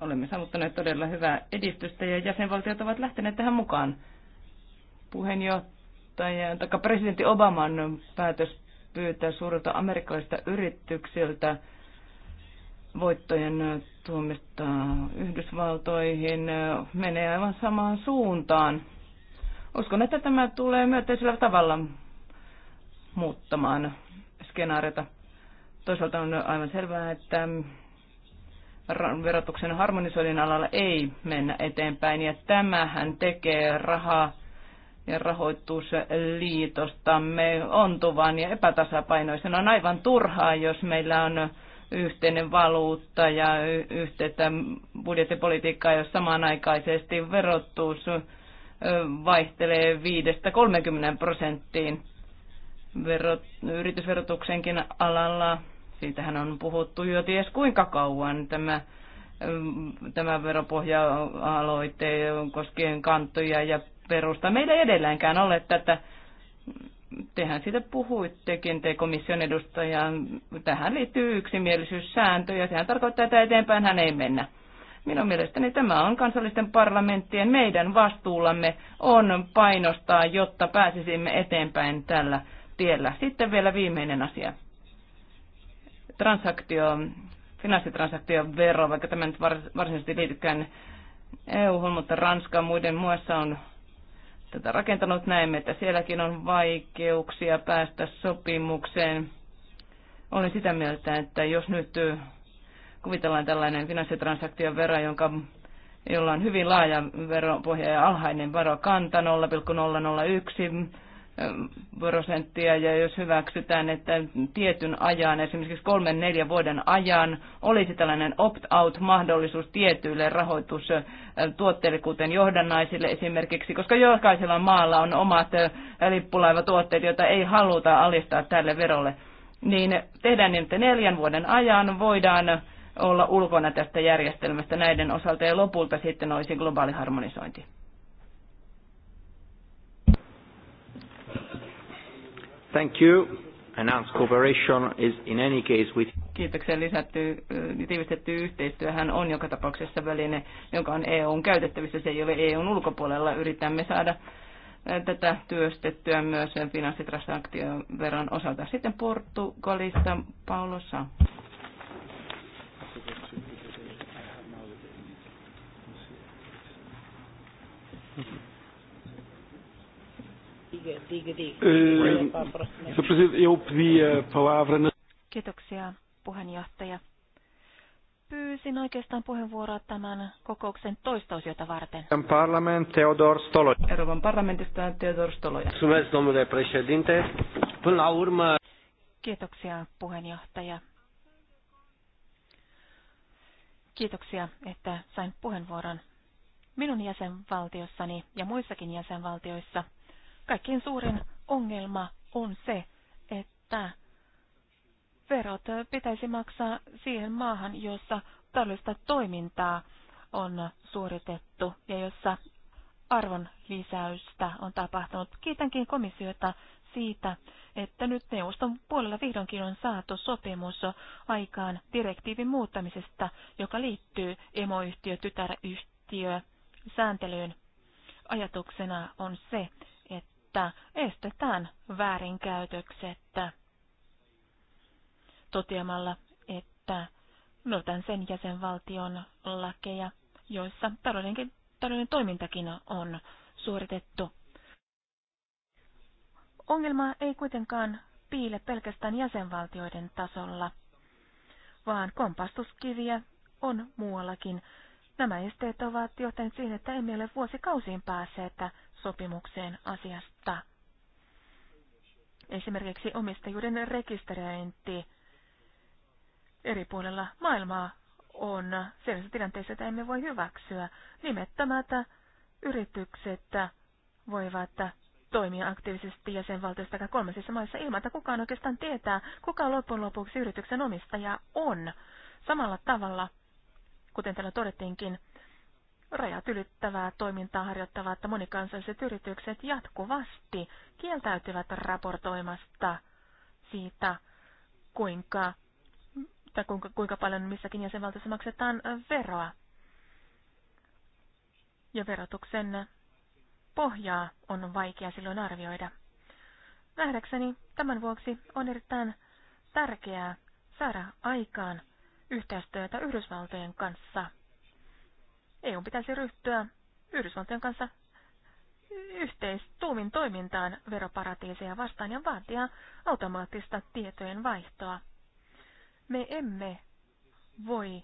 olemme saavuttaneet todella hyvää edistystä ja jäsenvaltiot ovat lähteneet tähän mukaan. Puheenjohtaja, taikka presidentti Obaman päätös pyytää suurilta amerikkalaisilta yrityksiltä voittojen tuomista Yhdysvaltoihin menee aivan samaan suuntaan. Uskon, että tämä tulee myönteisellä tavalla muuttamaan skenaariota. Toisaalta on aivan selvää, että verotuksen harmonisoinnin alalla ei mennä eteenpäin, ja tämähän tekee rahaa ja rahoitusliitostamme ontuvan ja epätasapainoisen. On aivan turhaa, jos meillä on yhteinen valuutta ja yhteistä budjettipolitiikkaa, jos samanaikaisesti verottuus vaihtelee 5-30 prosenttiin. Verot, yritysverotuksenkin alalla, siitähän on puhuttu jo ties kuinka kauan tämä, tämä veropohja-aloite koskien kantoja ja perusta. Meillä ei edelleenkään ole tätä tehän siitä puhuittekin, te komission edustaja. Tähän liittyy yksimielisyyssääntö ja sehän tarkoittaa, että eteenpäin hän ei mennä. Minun mielestäni tämä on kansallisten parlamenttien meidän vastuullamme on painostaa, jotta pääsisimme eteenpäin tällä tiellä. Sitten vielä viimeinen asia. Transaktio, finanssitransaktion vero, vaikka tämä nyt varsinaisesti liitykään EU-hun, mutta Ranska muiden muassa on tätä rakentanut. Näemme, että sielläkin on vaikeuksia päästä sopimukseen. Olen sitä mieltä, että jos nyt kuvitellaan tällainen finanssitransaktion vero, jonka jolla on hyvin laaja veropohja ja alhainen varokanta 0,001 prosenttia ja jos hyväksytään, että tietyn ajan, esimerkiksi kolmen neljän vuoden ajan, olisi tällainen opt-out-mahdollisuus tietyille rahoitustuotteille, kuten johdannaisille esimerkiksi, koska jokaisella maalla on omat lippulaivatuotteet, joita ei haluta alistaa tälle verolle, niin tehdään niin, että neljän vuoden ajan voidaan olla ulkona tästä järjestelmästä näiden osalta ja lopulta sitten olisi globaali harmonisointi. Thank you. Enhanced cooperation is in any case with... Kiitoksia lisätty, tiivistetty yhteistyöhän on joka tapauksessa väline, joka on EUn käytettävissä. Se ei ole EUn ulkopuolella. Yritämme saada tätä työstettyä myös finanssitransaktioveron osalta. Sitten Portugalista Paulo Saa. Diga, diga, diga. Eh, Kiitoksia, puheenjohtaja. Pyysin oikeastaan puheenvuoroa tämän kokouksen toistaosiota varten. Parlament Theodor Stoloja. Euroopan parlamentista Theodor Stoloja. Mulțumesc, domnule președinte. Până la urmă... Kiitoksia, puheenjohtaja. Kiitoksia, että sain puheenvuoron. Minun jäsenvaltiossani ja muissakin jäsenvaltioissa – kaikkein suurin ongelma on se, että verot pitäisi maksaa siihen maahan, jossa taloudellista toimintaa on suoritettu ja jossa arvon lisäystä on tapahtunut. Kiitänkin komissiota siitä, että nyt neuvoston puolella vihdoinkin on saatu sopimus aikaan direktiivin muuttamisesta, joka liittyy emoyhtiö, tytäryhtiö, sääntelyyn. Ajatuksena on se, että estetään väärinkäytökset toteamalla, että noudatetaan sen jäsenvaltion lakeja, joissa talouden, toimintakin on suoritettu. Ongelma ei kuitenkaan piile pelkästään jäsenvaltioiden tasolla, vaan kompastuskiviä on muuallakin. Nämä esteet ovat johtaneet siihen, että emme ole vuosikausiin päässeet sopimukseen asiasta. Esimerkiksi omistajuuden rekisteröinti eri puolella maailmaa on sellaisessa tilanteessa, että emme voi hyväksyä. Nimettömät yritykset voivat toimia aktiivisesti jäsenvaltioista tai kolmansissa maissa ilman, että kukaan oikeastaan tietää, kuka loppujen lopuksi yrityksen omistaja on. Samalla tavalla, kuten täällä todettiinkin, rajat ylittävää toimintaa harjoittavat monikansalliset yritykset jatkuvasti kieltäytyvät raportoimasta siitä, kuinka, tai kuinka, kuinka paljon missäkin jäsenvaltiossa maksetaan veroa. Ja verotuksen pohjaa on vaikea silloin arvioida. Nähdäkseni tämän vuoksi on erittäin tärkeää saada aikaan yhteistyötä Yhdysvaltojen kanssa – EU pitäisi ryhtyä Yhdysvaltojen kanssa yhteistuumin toimintaan veroparatiiseja vastaan ja vaatia automaattista tietojen vaihtoa. Me emme voi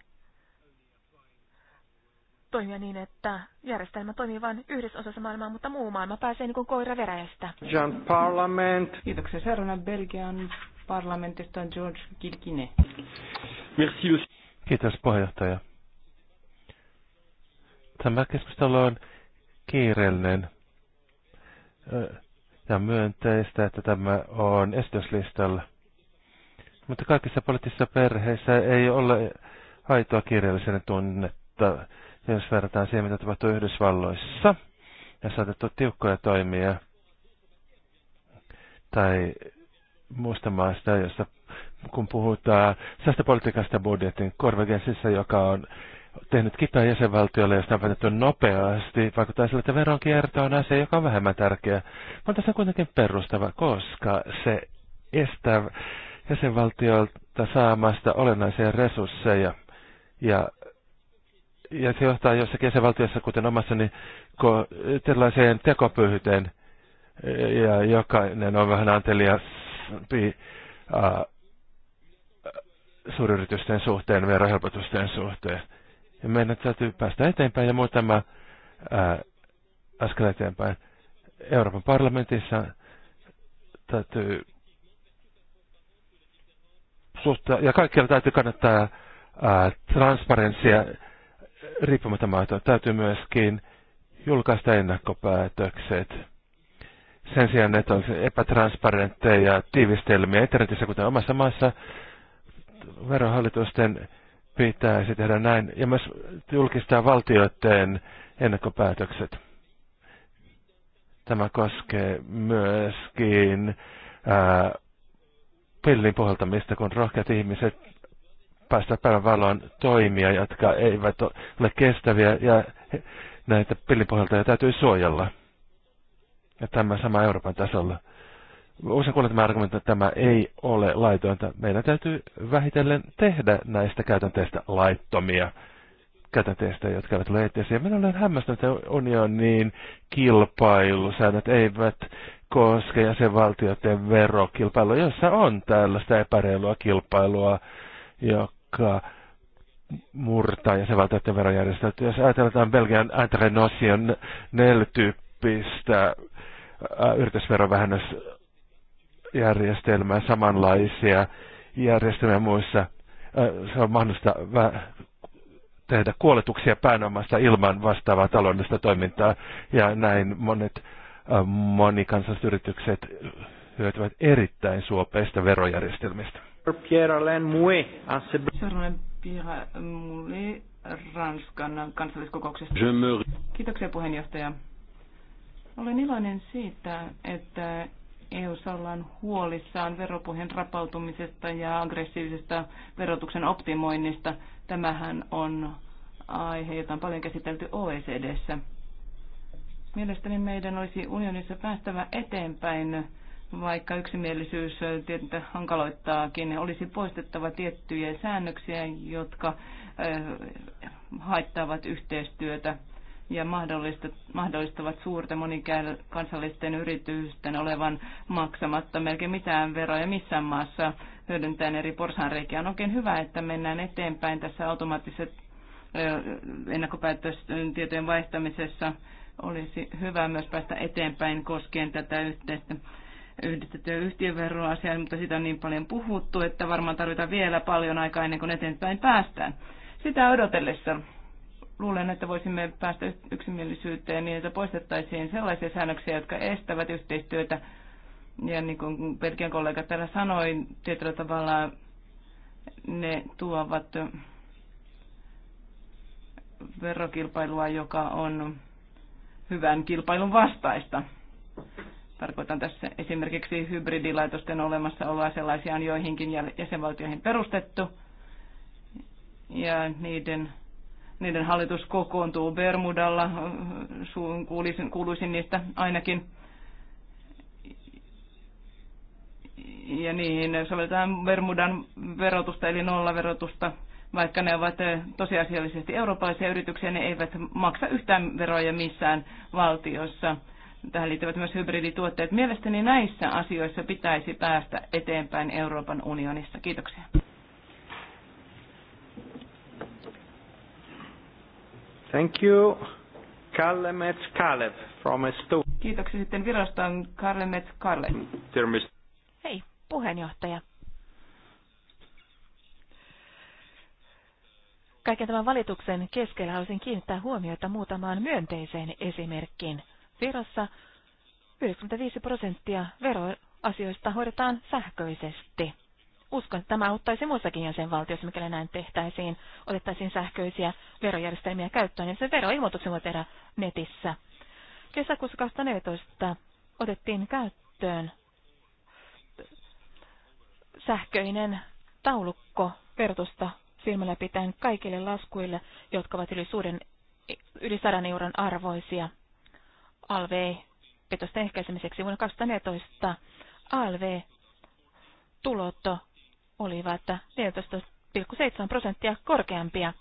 toimia niin, että järjestelmä toimii vain yhdessä osassa maailmaa, mutta muu maailma pääsee niin kuin koira veräjästä. Jean Parliament. Kiitoksia. Seuraavana Belgian parlamentista George Kilkine. Merci. Kiitos puheenjohtaja. Tämä keskustelu on kiireellinen ja myönteistä, että tämä on esityslistalla. Mutta kaikissa poliittisissa perheissä ei ole aitoa kiireellisen tunnetta, jos verrataan siihen, mitä tapahtuu Yhdysvalloissa. Ja saatettu tiukkoja toimia tai muusta maasta, jossa kun puhutaan säästöpolitiikasta budjetin korvegensissa, joka on tehnyt kitaa jäsenvaltiolle, josta on päätetty nopeasti. Vaikuttaa sillä, että veronkierto on asia, joka on vähemmän tärkeä. Mutta se on kuitenkin perustava, koska se estää jäsenvaltiolta saamasta olennaisia resursseja. Ja, ja se johtaa jossakin jäsenvaltiossa, kuten omassani, niin tällaiseen tekopyhyyteen. Ja jokainen on vähän anteliaampi suuryritysten suhteen, verohelpotusten suhteen. Ja meidän täytyy päästä eteenpäin ja muutama askel eteenpäin. Euroopan parlamentissa täytyy suhtaa, ja kaikkialla täytyy kannattaa transparenssia riippumatta maata. Täytyy myöskin julkaista ennakkopäätökset. Sen sijaan, että on epätransparentteja tiivistelmiä internetissä, kuten omassa maassa verohallitusten pitäisi tehdä näin ja myös julkistaa valtioiden ennakkopäätökset. Tämä koskee myöskin ää, pillin puhaltamista, kun rohkeat ihmiset päästä päivän valoon toimia, jotka eivät ole kestäviä ja näitä pillipohjalta täytyy suojella. Ja tämä sama Euroopan tasolla. Usein kuulen tämä argumentti, että tämä ei ole laitonta. Meidän täytyy vähitellen tehdä näistä käytänteistä laittomia käytänteistä, jotka eivät ole eettisiä. Minä olen hämmästynyt, että unionin kilpailusäännöt eivät koske jäsenvaltioiden verokilpailua, jossa on tällaista epäreilua kilpailua, joka murtaa jäsenvaltioiden verojärjestelmät. Jos ajatellaan Belgian Antrenosian neltyyppistä äh, yritysverovähennys järjestelmää, samanlaisia järjestelmiä muissa. Äh, se on mahdollista tehdä kuoletuksia päänomasta ilman vastaavaa taloudellista toimintaa. Ja näin monet äh, monikansalliset yritykset hyötyvät erittäin suopeista verojärjestelmistä. Pierre Pierre Ranskan kansalliskokouksesta. Kiitoksia puheenjohtaja. Olen iloinen siitä, että EU-ssa ollaan huolissaan veropohjan rapautumisesta ja aggressiivisesta verotuksen optimoinnista. Tämähän on aihe, jota on paljon käsitelty OECDssä. Mielestäni meidän olisi unionissa päästävä eteenpäin, vaikka yksimielisyys tietenkin hankaloittaakin. Olisi poistettava tiettyjä säännöksiä, jotka haittaavat yhteistyötä ja mahdollistavat suurten monikansallisten yritysten olevan maksamatta melkein mitään veroja missään maassa hyödyntäen eri porsanreikiä. On oikein hyvä, että mennään eteenpäin tässä automaattiset ennakkopäätösten tietojen vaihtamisessa. Olisi hyvä myös päästä eteenpäin koskien tätä yhteistä yhdistettyä yhtiöveroasiaa, mutta sitä on niin paljon puhuttu, että varmaan tarvitaan vielä paljon aikaa ennen kuin eteenpäin päästään. Sitä odotellessa Luulen, että voisimme päästä yksimielisyyteen niin, että poistettaisiin sellaisia säännöksiä, jotka estävät yhteistyötä. Ja niin kuin Pelkian kollega täällä sanoi, tietyllä tavalla ne tuovat verokilpailua, joka on hyvän kilpailun vastaista. Tarkoitan tässä esimerkiksi hybridilaitosten olemassaoloa sellaisia on joihinkin jäsenvaltioihin perustettu ja niiden niiden hallitus kokoontuu Bermudalla, kuulisin, kuuluisin niistä ainakin. Ja niihin sovelletaan Bermudan verotusta eli nollaverotusta, vaikka ne ovat eh, tosiasiallisesti eurooppalaisia yrityksiä, ne eivät maksa yhtään veroja missään valtiossa tähän liittyvät myös hybridituotteet. Mielestäni näissä asioissa pitäisi päästä eteenpäin Euroopan unionissa. Kiitoksia. Thank you. Kalle Metz Kalev from Estonia. Kiitoksia sitten viraston Kalle Metz Kalle. Hei, puheenjohtaja. Kaiken tämän valituksen keskellä haluaisin kiinnittää huomiota muutamaan myönteiseen esimerkkiin. Virossa 95 prosenttia veroasioista hoidetaan sähköisesti. Uskon, että tämä auttaisi muissakin jäsenvaltioissa, mikäli näin tehtäisiin, otettaisiin sähköisiä verojärjestelmiä käyttöön, ja se veroilmoituksen voi tehdä netissä. Kesäkuussa 2014 otettiin käyttöön sähköinen taulukko verotusta silmällä pitäen kaikille laskuille, jotka ovat yli, suuren, yli 100 euron arvoisia. ALV-petosten ehkäisemiseksi vuonna 2014 alv tulotto olivat 14,7 prosenttia korkeampia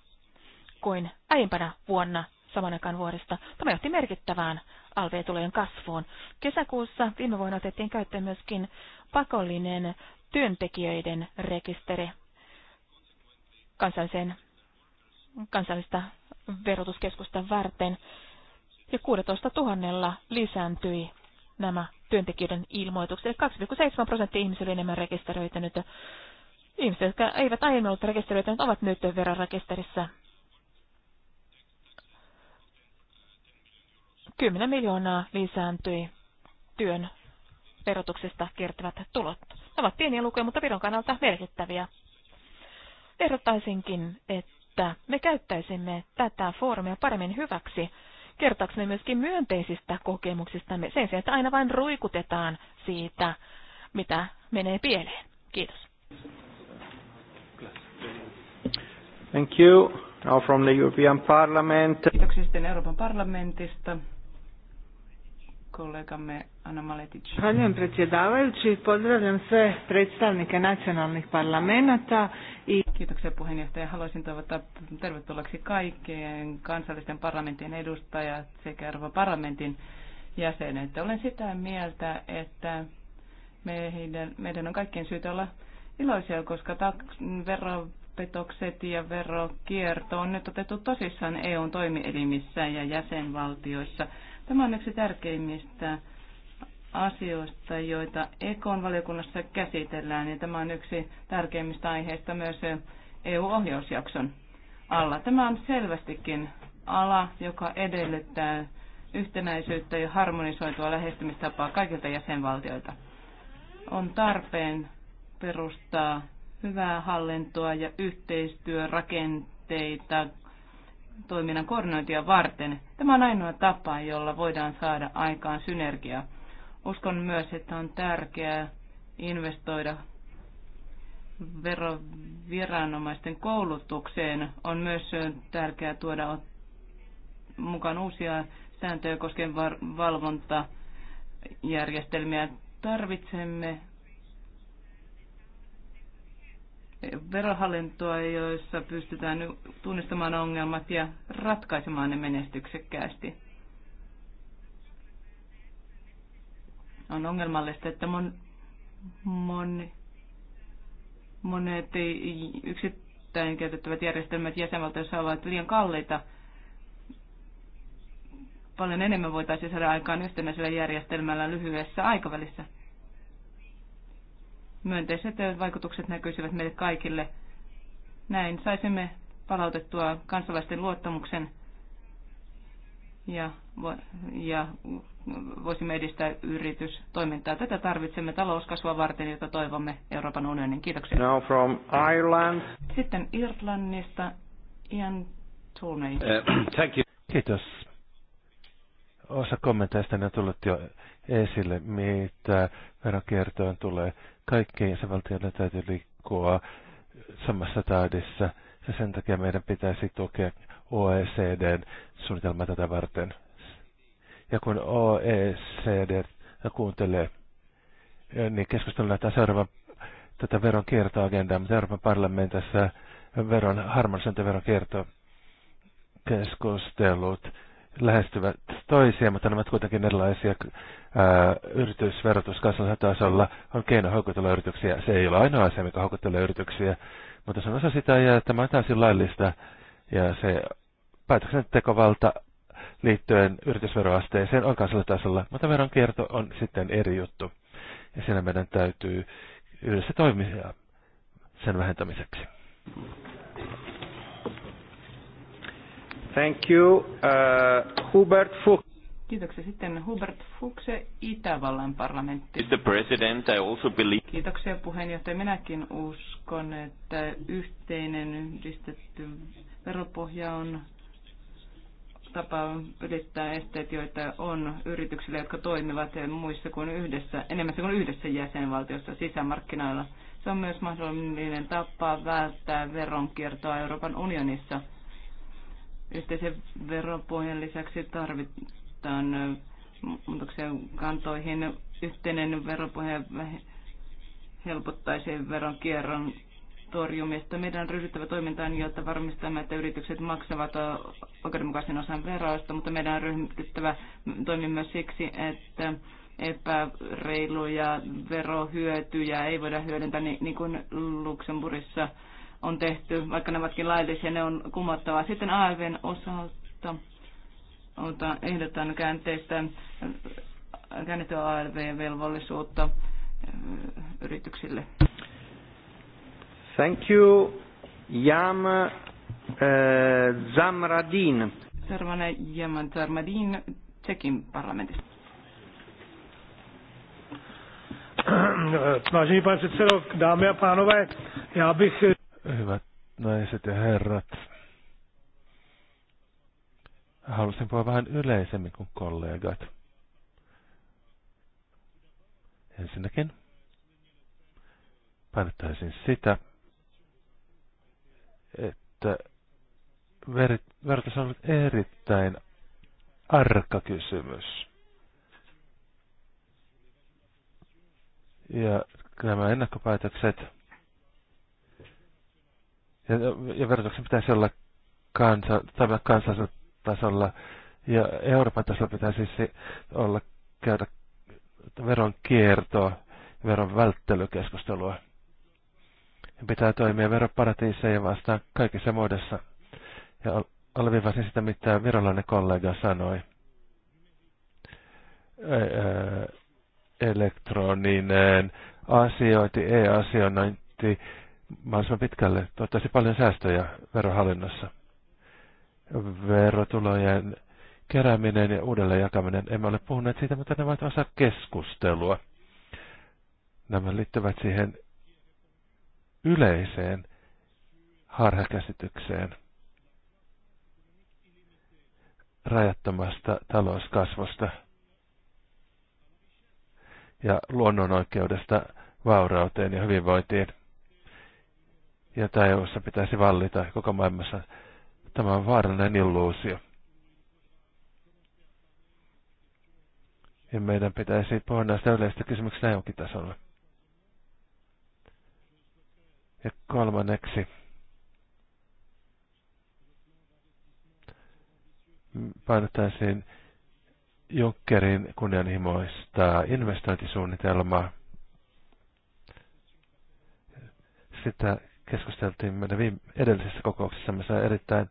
kuin aiempana vuonna samanakaan vuodesta. Tämä johti merkittävään alv-tulojen kasvuun. Kesäkuussa viime vuonna otettiin käyttöön myöskin pakollinen työntekijöiden rekisteri kansalliseen, kansallista verotuskeskusta varten. Ja 16 000 lisääntyi nämä työntekijöiden ilmoitukset. 2,7 prosenttia ihmisiä oli enemmän rekisteröitynyt Ihmiset, jotka eivät aiemmin olleet rekisteröityneet, ovat nyt rekisterissä. 10 miljoonaa lisääntyi työn verotuksesta kiertävät tulot. Ne ovat pieniä lukuja, mutta Viron kannalta merkittäviä. Ehdottaisinkin, että me käyttäisimme tätä foorumia paremmin hyväksi, kertaaksemme myöskin myönteisistä kokemuksistamme sen sijaan, että aina vain ruikutetaan siitä, mitä menee pieleen. Kiitos. Thank you. Now from the European Parliament. Kiitoksia sitten Euroopan parlamentista. Kollegamme Anna Maletić. Zahvaljujem predsjedavajući. Pozdravljam sve predstavnike nacionalnih parlamenta. I... Kiitoksia puheenjohtaja. Haluaisin toivottaa tervetulleeksi kaikkien kansallisten parlamentin edustajat sekä Euroopan parlamentin jäsenet. Olen sitä mieltä, että meidän, meidän on kaikkien syytä olla iloisia, koska tak- vero petokset ja verokierto on nyt otettu tosissaan EUn toimielimissä ja jäsenvaltioissa. Tämä on yksi tärkeimmistä asioista, joita Ekon valiokunnassa käsitellään, ja tämä on yksi tärkeimmistä aiheista myös EU-ohjausjakson alla. Tämä on selvästikin ala, joka edellyttää yhtenäisyyttä ja harmonisoitua lähestymistapaa kaikilta jäsenvaltioilta. On tarpeen perustaa hyvää hallintoa ja yhteistyörakenteita toiminnan koordinointia varten. Tämä on ainoa tapa, jolla voidaan saada aikaan synergiaa. Uskon myös, että on tärkeää investoida veroviranomaisten koulutukseen. On myös tärkeää tuoda mukaan uusia sääntöjä koskien valvontajärjestelmiä. Tarvitsemme verohallintoa, joissa pystytään tunnistamaan ongelmat ja ratkaisemaan ne menestyksekkäästi. On ongelmallista, että mon, mon, monet yksittäin käytettävät järjestelmät jäsenvaltioissa ovat liian kalliita. Paljon enemmän voitaisiin saada aikaan yhtenäisellä järjestelmällä lyhyessä aikavälissä myönteiset vaikutukset näkyisivät meille kaikille. Näin saisimme palautettua kansalaisten luottamuksen ja, ja voisimme edistää yritystoimintaa. Tätä tarvitsemme talouskasvua varten, jota toivomme Euroopan unionin. Kiitoksia. Now from Ireland. Sitten Irlannista Ian Tulney. Eh, thank you. Kiitos. Osa kommenteista on tullut jo esille, mitä verokiertoon tulee kaikkien jäsenvaltioiden täytyy liikkua samassa tahdissa ja sen takia meidän pitäisi tukea OECDn suunnitelmaa tätä varten. Ja kun OECD kuuntelee, niin keskustellaan tätä seuraavan tätä veron kiertoagendaa, mutta Euroopan parlamentissa veron, harmonisointiveron kierto keskustelut lähestyvät toisia, mutta nämä ovat kuitenkin erilaisia. Ää, yritysverotus kansallisella tasolla on keino houkutella yrityksiä. Se ei ole ainoa asia, mikä houkuttelee yrityksiä, mutta se on osa sitä ja tämä on täysin laillista. Ja se päätöksentekovalta liittyen yritysveroasteeseen on kansallisella tasolla, mutta veronkierto on sitten eri juttu. Ja siinä meidän täytyy yhdessä toimia sen vähentämiseksi. Thank you. Uh, Hubert Fuchs. Kiitoksia. Sitten Hubert Fuchse, Itävallan parlamentti. Mr. President, I also believe... Kiitoksia puheenjohtaja. Minäkin uskon, että yhteinen yhdistetty veropohja on tapa ylittää esteet, joita on yrityksille, jotka toimivat muissa kuin yhdessä, enemmän kuin yhdessä jäsenvaltiossa sisämarkkinoilla. Se on myös mahdollinen tapa välttää veronkiertoa Euroopan unionissa – Yhteisen veropohjan lisäksi tarvitaan muutoksia kantoihin. Yhteinen veropohja helpottaisi veronkierron torjumista. Meidän on ryhdyttävä toimintaan, jotta varmistamme, että yritykset maksavat oikeudenmukaisen osan veroista, mutta meidän on ryhdyttävä toimi myös siksi, että epäreiluja verohyötyjä ei voida hyödyntää niin, niin kuin Luxemburgissa on tehty, vaikka ne ovatkin laillisia, ne on kumottava. Sitten ALVn osalta ehdotan käänteistä käännettyä ALV-velvollisuutta eh, yrityksille. Thank you, Jam äh, Zamradin. Sarvane Jam Zamradin, Tsekin parlamentista. Eh, Vážení pane předsedo, dámy a pánové, já bych Hyvät naiset ja herrat, halusin puhua vähän yleisemmin kuin kollegat. Ensinnäkin painottaisin sitä, että verotus on ollut erittäin arka kysymys. Ja nämä ennakkopäätökset ja, ja verotuksen pitäisi olla kansa, kansallisella ja Euroopan tasolla pitäisi siis olla käydä veron kiertoa ja veron välttelykeskustelua. Pitää toimia veroparatiiseja vastaan kaikissa muodossa. Ja alvivasin sitä, mitä virolainen kollega sanoi. Elektroninen asiointi, e-asiointi, mahdollisimman pitkälle tuottaisi paljon säästöjä verohallinnossa. Verotulojen kerääminen ja uudelleen jakaminen, emme ole puhuneet siitä, mutta ne ovat osa keskustelua. Nämä liittyvät siihen yleiseen harhakäsitykseen rajattomasta talouskasvosta ja luonnonoikeudesta vaurauteen ja hyvinvointiin ja taivassa pitäisi vallita koko maailmassa. Tämä on vaarallinen illuusio. Ja meidän pitäisi puhua näistä yleistä kysymyksistä jonkin tasolla. Ja kolmanneksi. Painottaisin Junckerin kunnianhimoista investointisuunnitelmaa. Sitä keskusteltiin meidän viime, edellisessä kokouksessa. Me saa erittäin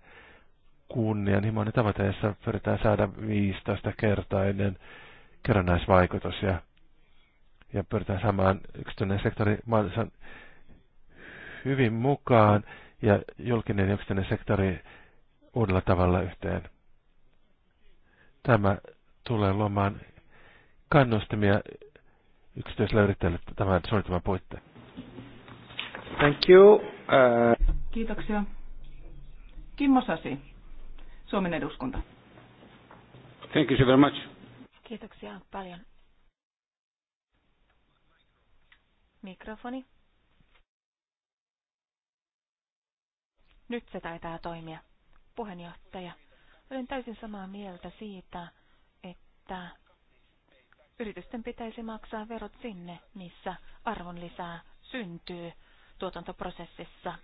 kunnianhimoinen tavoite, jossa pyritään saada 15-kertainen kerrannaisvaikutus ja, ja pyritään saamaan yksityinen sektori mahdollisimman hyvin mukaan ja julkinen ja yksityinen sektori uudella tavalla yhteen. Tämä tulee luomaan kannustimia yksityisille yrittäjille tämän suunnitelman puitteen. Thank you. Uh... Kiitoksia. Kimmo Sasi, Suomen eduskunta. Thank you very much. Kiitoksia paljon. Mikrofoni. Nyt se taitaa toimia. Puheenjohtaja, olen täysin samaa mieltä siitä, että yritysten pitäisi maksaa verot sinne, missä arvonlisää syntyy tuotantoprosessissa.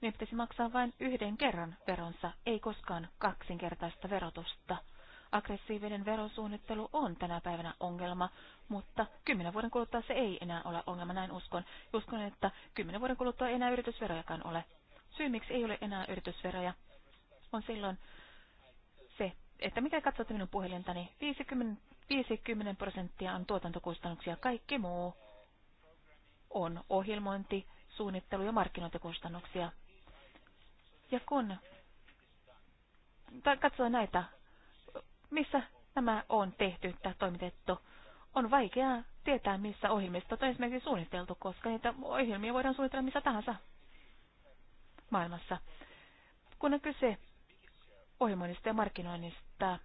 Niin pitäisi maksaa vain yhden kerran veronsa, ei koskaan kaksinkertaista verotusta. Aggressiivinen verosuunnittelu on tänä päivänä ongelma, mutta kymmenen vuoden kuluttua se ei enää ole ongelma, näin uskon. Uskon, että kymmenen vuoden kuluttua ei enää yritysverojakaan ole. Syy, miksi ei ole enää yritysveroja, on silloin se, että mikä katsotte minun puhelintani, 50, 50 prosenttia on tuotantokustannuksia, kaikki muu on ohjelmointi, suunnittelu- ja markkinointikustannuksia. Ja kun katsoo näitä, missä nämä on tehty tai toimitettu, on vaikeaa tietää, missä ohjelmistot on esimerkiksi suunniteltu, koska niitä ohjelmia voidaan suunnitella missä tahansa maailmassa. Kun on kyse ohjelmoinnista ja markkinoinnista,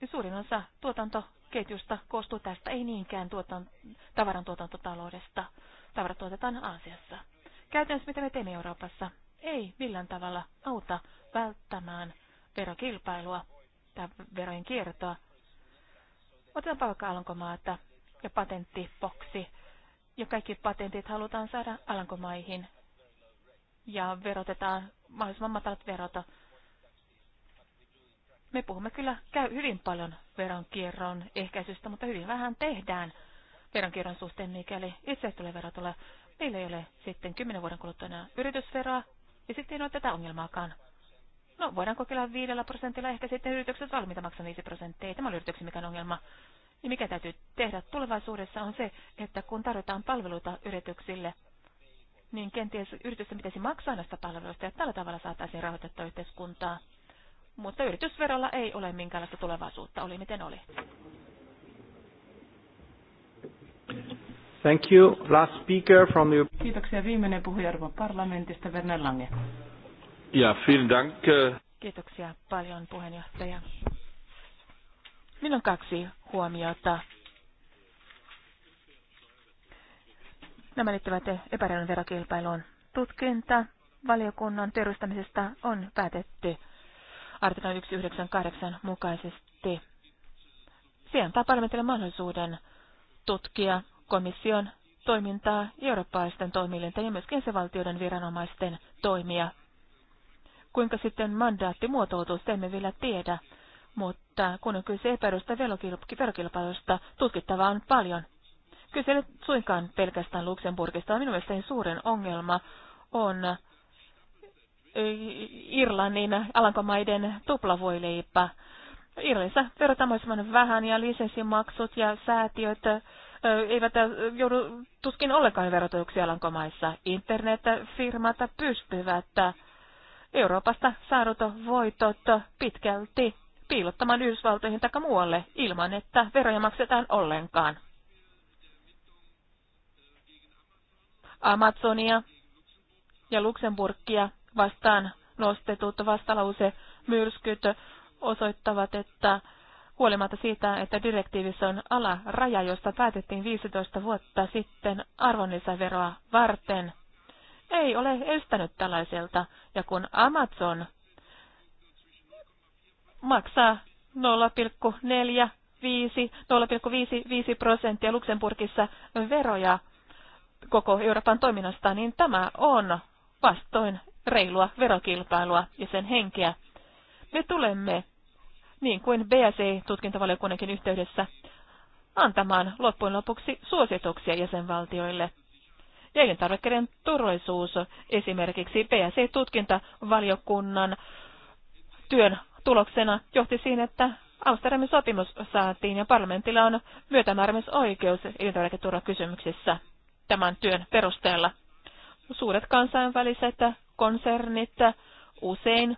niin suurin osa tuotantoketjusta koostuu tästä, ei niinkään tuotan, tavarantuotantotaloudesta tavarat tuotetaan Aasiassa. Käytännössä mitä me teemme Euroopassa? Ei millään tavalla auta välttämään verokilpailua tai verojen kiertoa. Otetaan vaikka Alankomaata ja patenttipoksi. Ja kaikki patentit halutaan saada Alankomaihin. Ja verotetaan mahdollisimman matalat verot. Me puhumme kyllä käy hyvin paljon veronkierron ehkäisystä, mutta hyvin vähän tehdään kirjan suhteen, mikäli itse tulee tulee. Meillä ei ole sitten kymmenen vuoden kuluttua enää yritysveroa, ja niin sitten ei ole tätä ongelmaakaan. No, voidaan kokeilla viidellä prosentilla, ehkä sitten yritykset valmiita maksaa viisi prosenttia. Tämä on yrityksen mikään ongelma. Ja mikä täytyy tehdä tulevaisuudessa on se, että kun tarjotaan palveluita yrityksille, niin kenties yritysten pitäisi maksaa näistä palveluista ja tällä tavalla saataisiin rahoitettua yhteiskuntaa. Mutta yritysverolla ei ole minkäänlaista tulevaisuutta, oli miten oli. Thank you. Last speaker from the... Kiitoksia. Viimeinen puhuja Euroopan parlamentista, Werner Lange. Ja, vielen dank. Äh. Kiitoksia paljon puheenjohtaja. Minun kaksi huomiota. Nämä liittyvät epäreilun verokilpailuun. Tutkinta valiokunnan perustamisesta on päätetty artiklan 198 mukaisesti. Se antaa parlamentille mahdollisuuden tutkia komission toimintaa eurooppalaisten toimielinten ja myös jäsenvaltioiden viranomaisten toimia. Kuinka sitten mandaatti muotoutuu, sitä emme vielä tiedä, mutta kun on kyse epäilystä verokilpailusta, tutkittava on paljon. Kyse ei suinkaan pelkästään Luxemburgista, vaan minun mielestäni suurin ongelma on eh, Irlannin alankomaiden tuplavoileipä Irlannissa verotaan mahdollisimman vähän ja lisenssimaksut ja säätiöt eivät joudu tuskin ollenkaan verotuksia Alankomaissa. Internetfirmat pystyvät Euroopasta saadut voitot pitkälti piilottamaan Yhdysvaltoihin tai muualle ilman, että veroja maksetaan ollenkaan. Amazonia ja Luxemburgia vastaan nostetut vastalause myrskyt osoittavat, että huolimatta siitä, että direktiivissä on alaraja, josta päätettiin 15 vuotta sitten arvonlisäveroa varten, ei ole estänyt tällaiselta. Ja kun Amazon maksaa 0,45 0,55 prosenttia Luxemburgissa veroja koko Euroopan toiminnasta, niin tämä on vastoin reilua verokilpailua ja sen henkeä. Me tulemme, niin kuin BSE-tutkintavaliokunnankin yhteydessä, antamaan loppujen lopuksi suosituksia jäsenvaltioille. Ja elintarvikkeiden turvallisuus esimerkiksi BSE-tutkintavaliokunnan työn tuloksena johti siihen, että Amsterdamin sopimus saatiin ja parlamentilla on myötämääräämisoikeus elintarviketurvakysymyksissä tämän työn perusteella. Suuret kansainväliset konsernit usein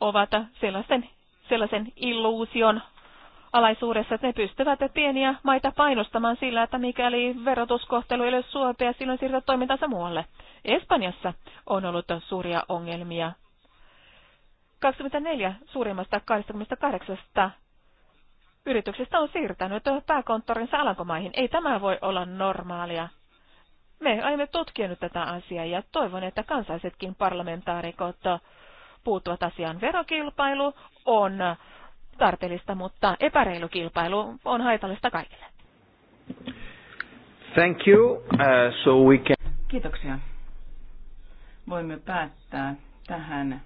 ovat sellaisen, sellaisen illuusion alaisuudessa, että ne pystyvät pieniä maita painostamaan sillä, että mikäli verotuskohtelu ei ole suopea, silloin siirtävät toimintansa muualle. Espanjassa on ollut suuria ongelmia. 24 suurimmasta 28 yrityksestä on siirtänyt pääkonttorinsa Alankomaihin. Ei tämä voi olla normaalia. Me aiemme tutkia tätä asiaa ja toivon, että kansaisetkin parlamentaarikot puuttuvat asiaan. Verokilpailu on tarpeellista, mutta epäreilu kilpailu on haitallista kaikille. Thank you. Uh, so we can... Kiitoksia. Voimme päättää tähän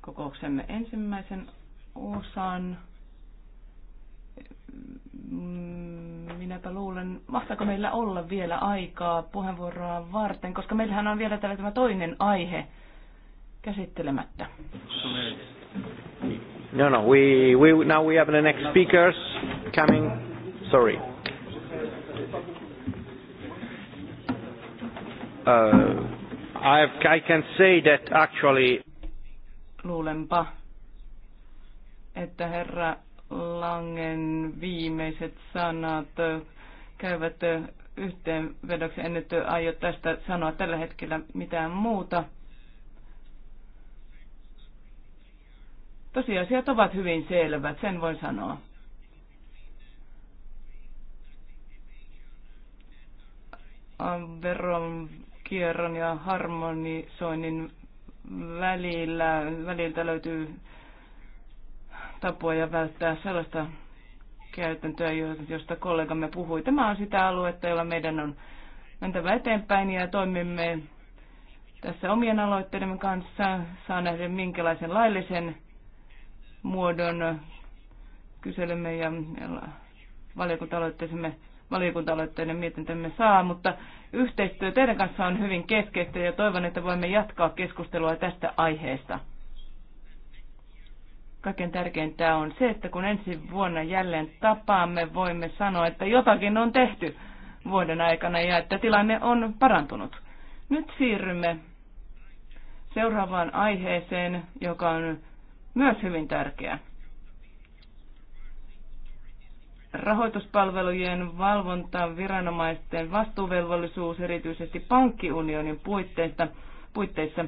kokouksemme ensimmäisen osan. Mm, minäpä luulen, mahtaako meillä olla vielä aikaa puheenvuoroa varten, koska meillähän on vielä tämä toinen aihe käsittelemättä. No, no, we, we, now we have the next speakers coming. Sorry. Uh, have, I can say that actually... Luulenpa, että herra Langen viimeiset sanat käyvät yhteenvedoksi. En nyt aio tästä sanoa tällä hetkellä mitään muuta Tosiasiat ovat hyvin selvät, sen voi sanoa. kierron ja harmonisoinnin välillä, väliltä löytyy tapoja välttää sellaista käytäntöä, josta kollegamme puhui. Tämä on sitä aluetta, jolla meidän on mentävä eteenpäin ja toimimme tässä omien aloitteidemme kanssa. Saa nähdä, minkälaisen laillisen muodon kyselemme ja valiokunta-aloitteisemme valiokunta mietintämme saa, mutta yhteistyö teidän kanssa on hyvin keskeistä ja toivon, että voimme jatkaa keskustelua tästä aiheesta. Kaiken tärkeintä on se, että kun ensi vuonna jälleen tapaamme, voimme sanoa, että jotakin on tehty vuoden aikana ja että tilanne on parantunut. Nyt siirrymme seuraavaan aiheeseen, joka on myös hyvin tärkeä. Rahoituspalvelujen valvonta, viranomaisten vastuuvelvollisuus erityisesti pankkiunionin puitteissa, puitteissa.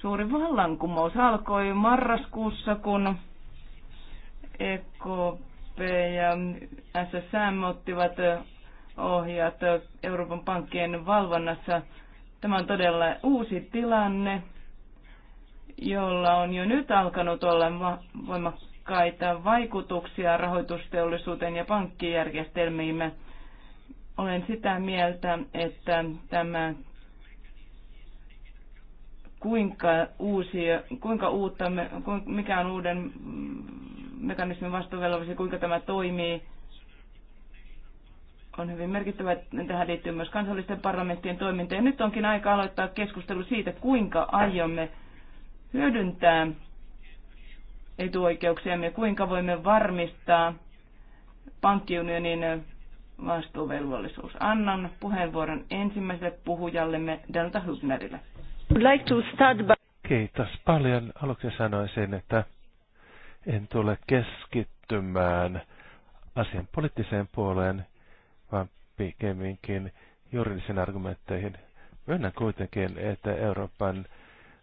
Suuri vallankumous alkoi marraskuussa, kun EKP ja SSM ottivat ohjat Euroopan pankkien valvonnassa. Tämä on todella uusi tilanne jolla on jo nyt alkanut olla voimakkaita vaikutuksia rahoitusteollisuuteen ja pankkijärjestelmiimme. Olen sitä mieltä, että tämä kuinka, uusi, kuinka uutta, mikä on uuden mekanismin vastuuvelvollisuus kuinka tämä toimii, on hyvin merkittävä, että tähän liittyy myös kansallisten parlamenttien toiminta. Ja nyt onkin aika aloittaa keskustelu siitä, kuinka aiomme hyödyntää etuoikeuksiamme, kuinka voimme varmistaa pankkiunionin vastuuvelvollisuus. Annan puheenvuoron ensimmäiselle puhujallemme Delta Hübnerille. Kiitos paljon. Aluksi sanoisin, että en tule keskittymään asian poliittiseen puoleen, vaan pikemminkin juridisiin argumentteihin. Myönnän kuitenkin, että Euroopan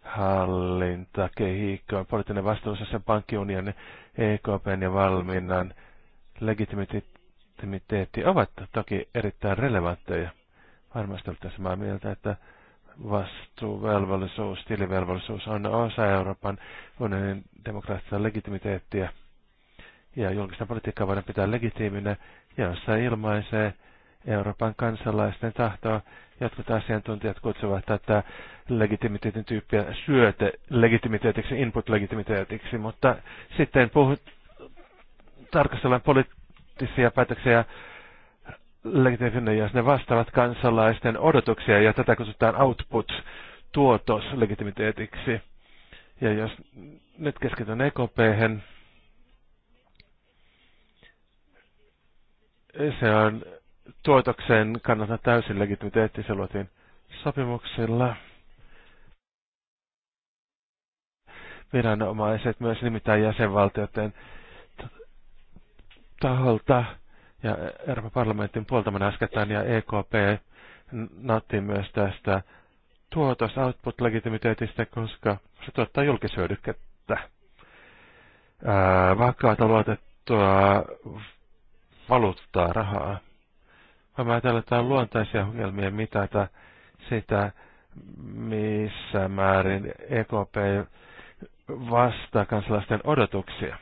hallinta, kehikko, poliittinen vastuus sen pankkiunion, EKPn ja valminnan legitimiteetti ovat toki erittäin relevantteja. Varmasti olette samaa mieltä, että vastuuvelvollisuus, tilivelvollisuus on osa Euroopan unionin demokraattista legitimiteettiä. Ja julkista politiikkaa voidaan pitää legitiiminä, jossa ilmaisee Euroopan kansalaisten tahtoa. Jotkut asiantuntijat kutsuvat tätä legitimiteetin tyyppiä syöte legitimiteetiksi, input legitimiteetiksi, mutta sitten puhut, tarkastellaan poliittisia päätöksiä legitimiteetin, jos ne vastaavat kansalaisten odotuksia, ja tätä kutsutaan output tuotos legitimiteetiksi. Ja jos nyt keskityn ekp se on Tuotokseen kannalta täysin legitimiteetti. Se luotiin sopimuksilla. Viranomaiset myös nimittäin jäsenvaltioiden taholta ja Euroopan parlamentin puoltamana äskettäin ja EKP nautti myös tästä tuotos output legitimiteetistä, koska se tuottaa julkisyödykettä. Vakaata luotettua valuuttaa rahaa. Vaan mä ajatellaan, että on luontaisia ongelmia mitata sitä, missä määrin EKP vastaa kansalaisten odotuksia.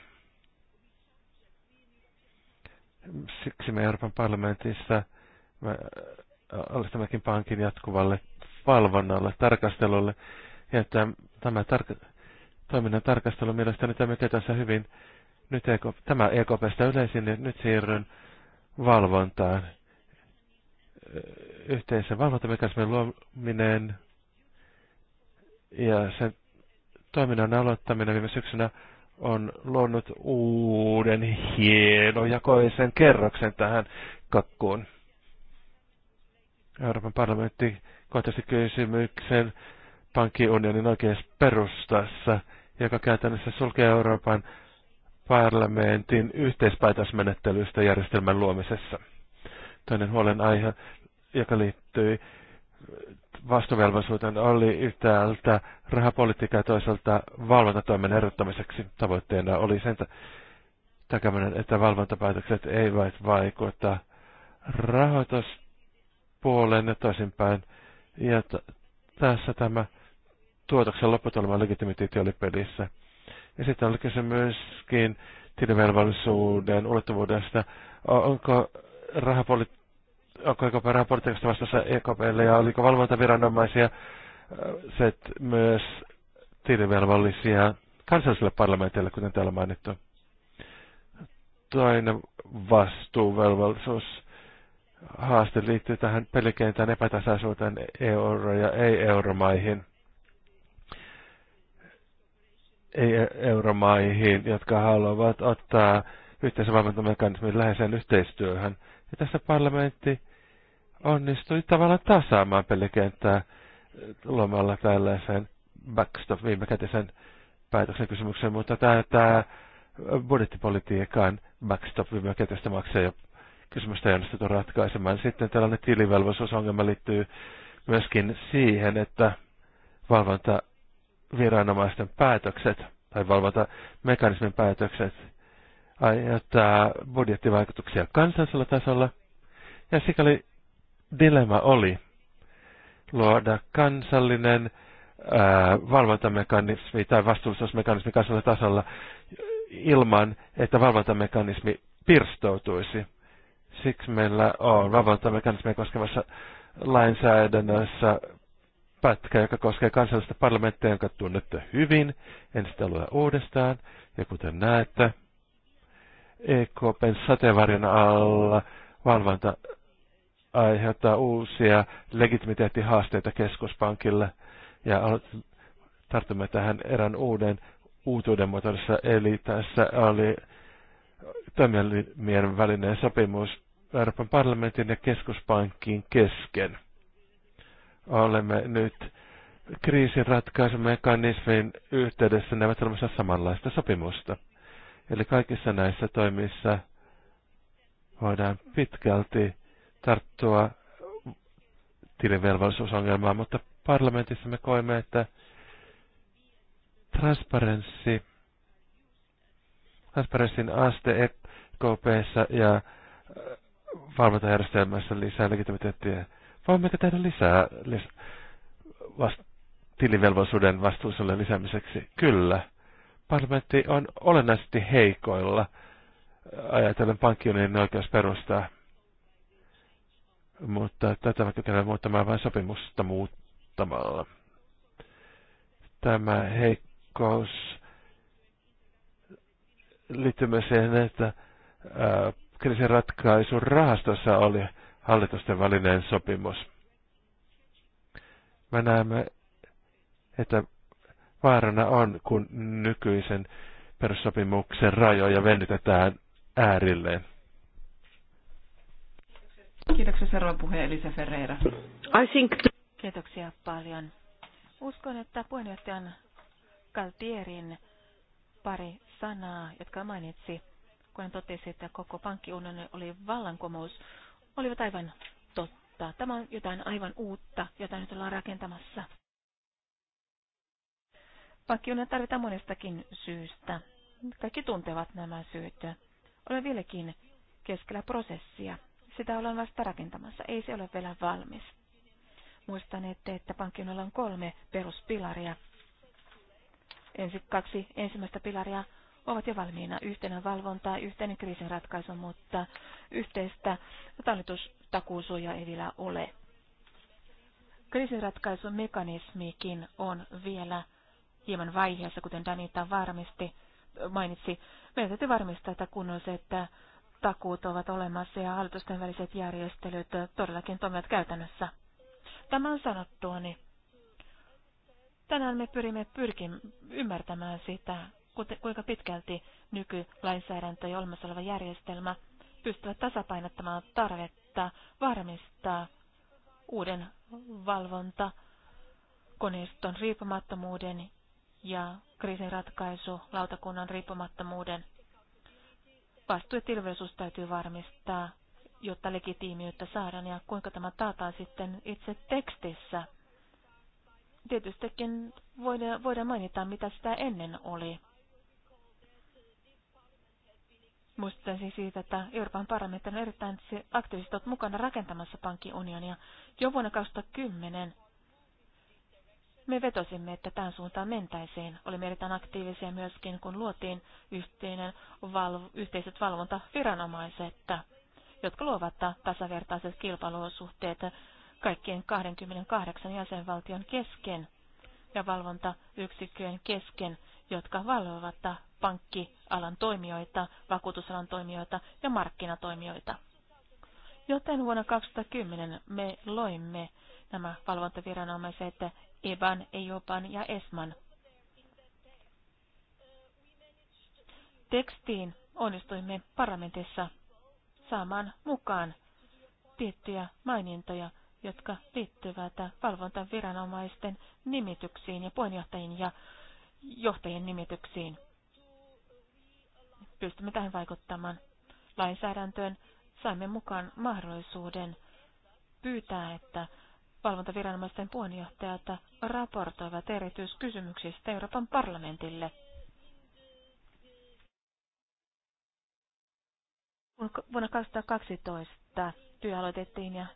Siksi me Euroopan parlamentissa me äh, alistammekin pankin jatkuvalle valvonnalle, tarkastelulle. Ja tämä tar toiminnan tarkastelu mielestäni tämä tekee tässä hyvin. Nyt EKP, tämä EKPstä yleisin, niin nyt siirryn valvontaan yhteisen valvontamekanismin luominen ja sen toiminnan aloittaminen viime syksynä on luonut uuden hienojakoisen kerroksen tähän kakkuun. Euroopan parlamentti kohtasi kysymyksen pankkiunionin oikeassa perustassa, joka käytännössä sulkee Euroopan parlamentin yhteispäätösmenettelystä järjestelmän luomisessa. Toinen huolenaihe, joka liittyy vastuvelvollisuuteen, oli yhtäältä rahapolitiikka ja toisaalta valvontatoimen erottamiseksi. Tavoitteena oli sen takaminen, että valvontapäätökset eivät vaikuta rahoituspuoleen ja toisinpäin. Ja tässä tämä tuotoksen lopputulema legitimiteetti oli pelissä. Ja sitten oli kyse myöskin tilivelvollisuuden ulottuvuudesta. Onko rahapolitiikka onko EKP raportista vastassa EKPlle ja oliko valvontaviranomaisia äh, set myös tilivelvollisia kansalliselle parlamentille, kuten täällä mainittu. Toinen vastuuvelvollisuus haaste liittyy tähän pelikentän epätasaisuuteen euro- ja ei-euromaihin. Ei-euromaihin, jotka haluavat ottaa yhteisen läheiseen yhteistyöhön – ja tässä parlamentti onnistui tavallaan tasaamaan pelikenttää eh, lomalla tällaisen backstop viime kätisen päätöksen kysymykseen, mutta tämä, tämä eh, budjettipolitiikan backstop viime kätistä maksaa jo kysymystä ei onnistuttu ratkaisemaan. Sitten tällainen tilivelvollisuusongelma liittyy myöskin siihen, että valvontaviranomaisten päätökset tai valvontamekanismin päätökset aiheuttaa budjettivaikutuksia kansallisella tasolla, ja sikäli dilemma oli luoda kansallinen ää, valvontamekanismi tai vastuullisuusmekanismi kansallisella tasolla ilman, että valvontamekanismi pirstoutuisi. Siksi meillä on valvontamekanismia koskevassa lainsäädännössä pätkä, joka koskee kansallista parlamenttia, jonka tunnette hyvin. En sitä lue uudestaan, ja kuten näette, EKPn sateenvarjon alla valvonta aiheuttaa uusia legitimiteettihaasteita keskuspankille ja tartumme tähän erään uuden uutuuden muodossa. Eli tässä oli toimielimien välinen sopimus Euroopan parlamentin ja keskuspankin kesken. Olemme nyt kriisin ratkaisumekanismin yhteydessä neuvottelemassa samanlaista sopimusta. Eli kaikissa näissä toimissa voidaan pitkälti tarttua tilivelvollisuusongelmaan, mutta parlamentissa me koimme, että transparenssi, transparenssin aste EKPssä ja äh, valvontajärjestelmässä lisää legitimiteettiä. Voimmeko tehdä lisää lis, vast, tilivelvollisuuden vastuullisuuden lisäämiseksi? Kyllä parlamentti on olennaisesti heikoilla ajatellen pankkiunionin oikeusperustaa. Mutta tätä mä kykenen muuttamaan vain sopimusta muuttamalla. Tämä heikkous liittyy myös siihen, että kriisin ratkaisun rahastossa oli hallitusten välinen sopimus. Me näemme, että vaarana on, kun nykyisen perussopimuksen rajoja venytetään äärilleen. Kiitoksia seuraava puhe Elisa Ferreira. I think... Kiitoksia paljon. Uskon, että puheenjohtajan Kaltierin pari sanaa, jotka mainitsi, kun hän totesi, että koko pankkiunioni oli vallankumous, olivat aivan totta. Tämä on jotain aivan uutta, jota nyt ollaan rakentamassa. Pankkiunionia tarvitaan monestakin syystä. Kaikki tuntevat nämä syyt. Olen vieläkin keskellä prosessia. Sitä ollaan vasta rakentamassa. Ei se ole vielä valmis. Muistan, että, että pankkiunionilla on kolme peruspilaria. Ensi, kaksi ensimmäistä pilaria ovat jo valmiina. Yhteinen valvontaa, yhteinen ratkaisu, mutta yhteistä talletustakuusuja ei vielä ole. Kriisinratkaisumekanismikin on vielä hieman vaiheessa, kuten Danita varmisti, mainitsi. Meidän täytyy varmistaa, että että takuut ovat olemassa ja hallitusten väliset järjestelyt todellakin toimivat käytännössä. Tämä on sanottuani. Niin tänään me pyrimme pyrkin ymmärtämään sitä, kuinka pitkälti nykylainsäädäntö ja olemassa oleva järjestelmä pystyvät tasapainottamaan tarvetta varmistaa uuden valvonta koneiston riippumattomuuden ja ratkaisu lautakunnan riippumattomuuden. Vastuu ja tilvellisuus täytyy varmistaa, jotta legitiimiyttä saadaan ja kuinka tämä taataan sitten itse tekstissä. Tietystikin voidaan, voidaan mainita, mitä sitä ennen oli. siis siitä, että Euroopan parlamentti on erittäin aktiivisesti mukana rakentamassa pankkiunionia. Jo vuonna 2010 me vetosimme, että tämän suuntaan mentäisiin. Olimme erittäin aktiivisia myöskin, kun luotiin yhteinen val- yhteiset valvontaviranomaiset, jotka luovat tasavertaiset kilpailuosuhteet kaikkien 28 jäsenvaltion kesken ja valvontayksikköjen kesken, jotka valvovat pankkialan toimijoita, vakuutusalan toimijoita ja markkinatoimijoita. Joten vuonna 2010 me loimme nämä valvontaviranomaiset EBAN, EIOPAN ja ESMAN. Tekstiin onnistuimme parlamentissa saamaan mukaan tiettyjä mainintoja, jotka liittyvät valvontaviranomaisten nimityksiin ja puheenjohtajien ja johtajien nimityksiin. Pystymme tähän vaikuttamaan lainsäädäntöön. Saimme mukaan mahdollisuuden pyytää, että valvontaviranomaisten puheenjohtajat raportoivat erityiskysymyksistä Euroopan parlamentille. Vuonna 2012 työ aloitettiin ja,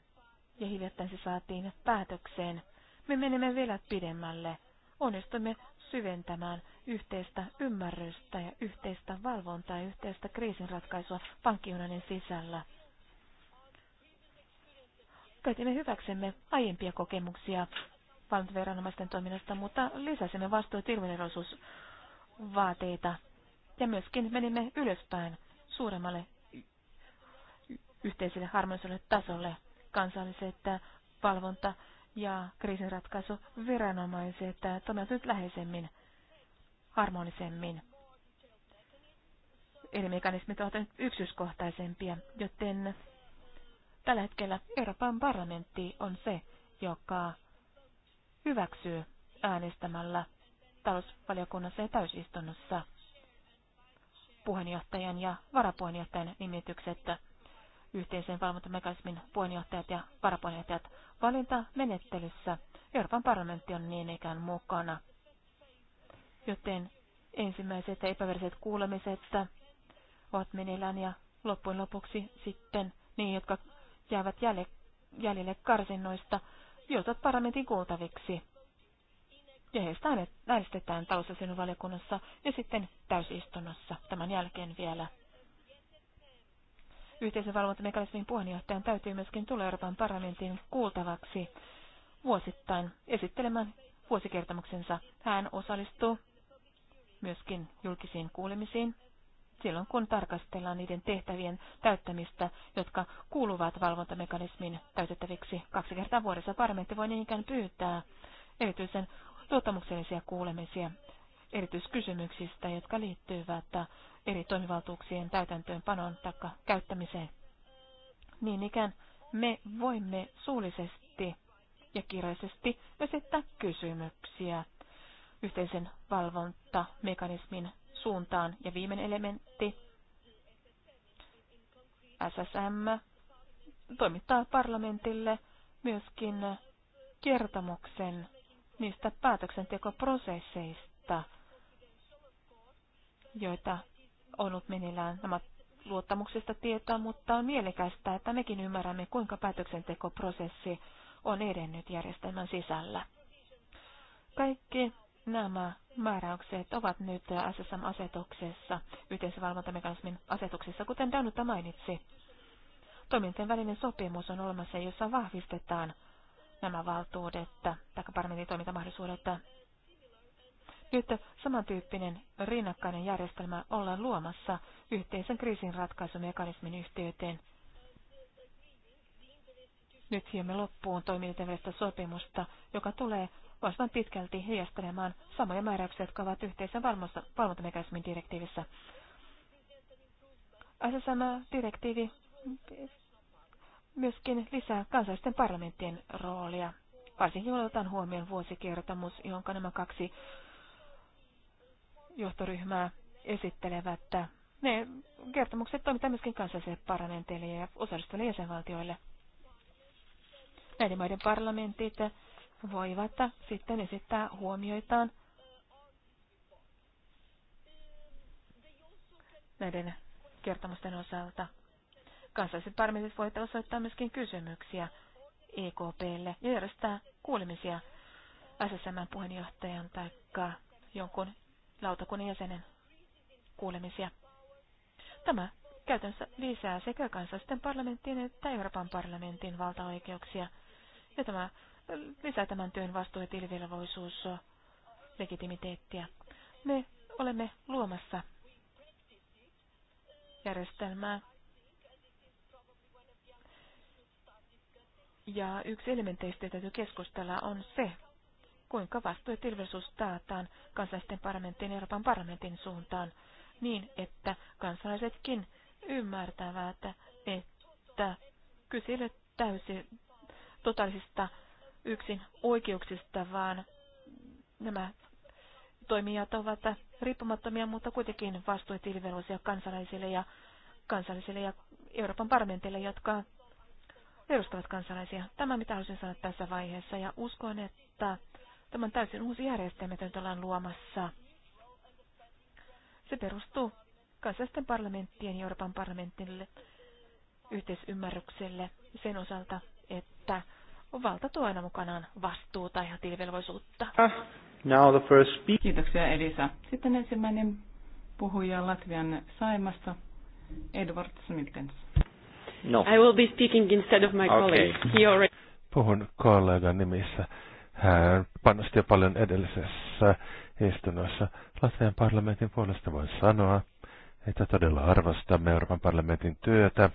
ja hiljattain se saatiin päätökseen. Me menemme vielä pidemmälle. Onnistumme syventämään yhteistä ymmärrystä ja yhteistä valvontaa ja yhteistä kriisinratkaisua pankkiunanin sisällä – Käytimme hyväksemme aiempia kokemuksia valvontaviranomaisten toiminnasta, mutta lisäsimme vastuu- vaateita ja myöskin menimme ylöspäin suuremmalle yhteiselle harmoniselle tasolle kansalliset äh, valvonta- ja kriisinratkaisuviranomaiset äh, toimivat läheisemmin, harmonisemmin. Eli mekanismit ovat nyt yksityiskohtaisempia, joten Tällä hetkellä Euroopan parlamentti on se, joka hyväksyy äänestämällä talousvaliokunnassa ja täysistunnossa puheenjohtajan ja varapuheenjohtajan nimitykset, yhteisen valvontamekanismin puheenjohtajat ja varapuheenjohtajat valintamenettelyssä. Euroopan parlamentti on niin ikään mukana. Joten ensimmäiset epäveriset kuulemiset ovat meneillään ja loppujen lopuksi sitten niin, jotka jäävät jäljelle karsinnoista, joutuvat parlamentin kuultaviksi. Ja heistä äänestetään talousasioiden valiokunnassa ja sitten täysistunnossa tämän jälkeen vielä. Yhteisen valvontamekanismin puheenjohtajan täytyy myöskin tulla Euroopan parlamentin kuultavaksi vuosittain esittelemään vuosikertomuksensa. Hän osallistuu myöskin julkisiin kuulemisiin silloin, kun tarkastellaan niiden tehtävien täyttämistä, jotka kuuluvat valvontamekanismin täytettäviksi kaksi kertaa vuodessa. Parlamentti voi niin ikään pyytää erityisen luottamuksellisia kuulemisia erityiskysymyksistä, jotka liittyvät eri toimivaltuuksien täytäntöönpanon tai käyttämiseen. Niin ikään me voimme suullisesti ja kirjallisesti esittää kysymyksiä yhteisen valvontamekanismin suuntaan. Ja viimeinen elementti, SSM, toimittaa parlamentille myöskin kertomuksen niistä päätöksentekoprosesseista, joita on ollut meneillään. Nämä luottamuksesta tietoa, mutta on mielekästä, että mekin ymmärrämme, kuinka päätöksentekoprosessi on edennyt järjestelmän sisällä. Kaikki Nämä määräykset ovat nyt SSM-asetuksessa, yhteisvalvontamekanismin asetuksessa, kuten Danuta mainitsi. Toimintojen välinen sopimus on olemassa, jossa vahvistetaan nämä valtuudet tai paremmin toimintamahdollisuudet. Nyt samantyyppinen rinnakkainen järjestelmä ollaan luomassa yhteisen ratkaisumekanismin yhteyteen. Nyt hiemme loppuun toimintavälistä sopimusta, joka tulee vastaan pitkälti heijastelemaan samoja määräyksiä, jotka ovat yhteisen valvontamekanismin direktiivissä. SSM-direktiivi myöskin lisää kansallisten parlamenttien roolia, varsinkin kun otetaan huomioon vuosikertomus, jonka nämä kaksi johtoryhmää esittelevät. Ne kertomukset toimitaan myöskin kansallisille parlamenteille ja osallistuville jäsenvaltioille. Näiden maiden parlamentit voivat sitten esittää huomioitaan näiden kertomusten osalta. Kansalliset parmiset voivat osoittaa myöskin kysymyksiä EKPlle ja järjestää kuulemisia ssm puheenjohtajan tai jonkun lautakunnan jäsenen kuulemisia. Tämä käytännössä lisää sekä kansallisten parlamenttien että Euroopan parlamentin valtaoikeuksia, ja tämä lisää tämän työn vastuu- ja tilivelvollisuus legitimiteettiä. Me olemme luomassa järjestelmää. Ja yksi elementeistä, täytyy keskustella, on se, kuinka vastuu- ja tilvellisuus taataan kansallisten parlamenttien ja Euroopan parlamentin suuntaan niin, että kansalaisetkin ymmärtävät, että kyse ei täysin totaalisista yksin oikeuksista, vaan nämä toimijat ovat riippumattomia, mutta kuitenkin vastuutilveluisia kansalaisille ja kansallisille ja Euroopan parlamentille, jotka edustavat kansalaisia. Tämä, mitä haluaisin sanoa tässä vaiheessa, ja uskon, että tämä on täysin uusi järjestelmä, jota nyt ollaan luomassa. Se perustuu kansallisten parlamenttien ja Euroopan parlamentille yhteisymmärrykselle sen osalta, että valta tuo aina mukanaan vastuuta ja tilvelvollisuutta. Ah, now the first speaker. Kiitoksia Elisa. Sitten ensimmäinen puhuja Latvian Saimasta, Edward Smiltens. No. I will be speaking instead of my okay. colleague. He already... Puhun kollegan nimissä. Hän panosti jo paljon edellisessä istunnossa. Latvian parlamentin puolesta voin sanoa, että todella arvostamme Euroopan parlamentin työtä.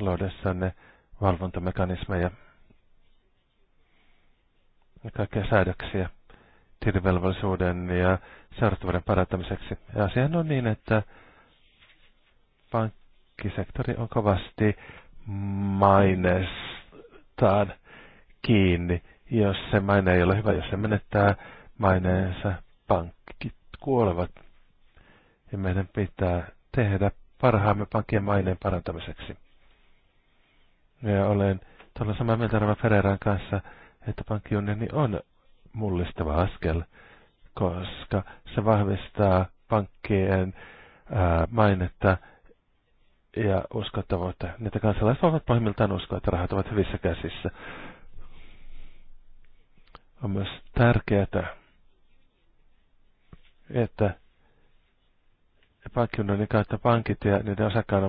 Lodessanne valvontamekanismeja ja kaikkia säädöksiä tilivelvollisuuden ja seurattavuuden parantamiseksi. Ja asiahan on niin, että pankkisektori on kovasti mainestaan kiinni. Jos se maine ei ole hyvä, jos se menettää maineensa, pankkit kuolevat. Ja meidän pitää tehdä parhaamme pankkien maineen parantamiseksi. Ja olen tuolla samaa mieltä Rava Ferreran kanssa, että pankkiunioni on mullistava askel, koska se vahvistaa pankkien ää, mainetta ja uskottavuutta. Niitä kansalaiset voivat pahimmiltaan uskoa, että rahat ovat hyvissä käsissä. On myös tärkeää, että pankkiunionin kautta pankit ja niiden osakkaan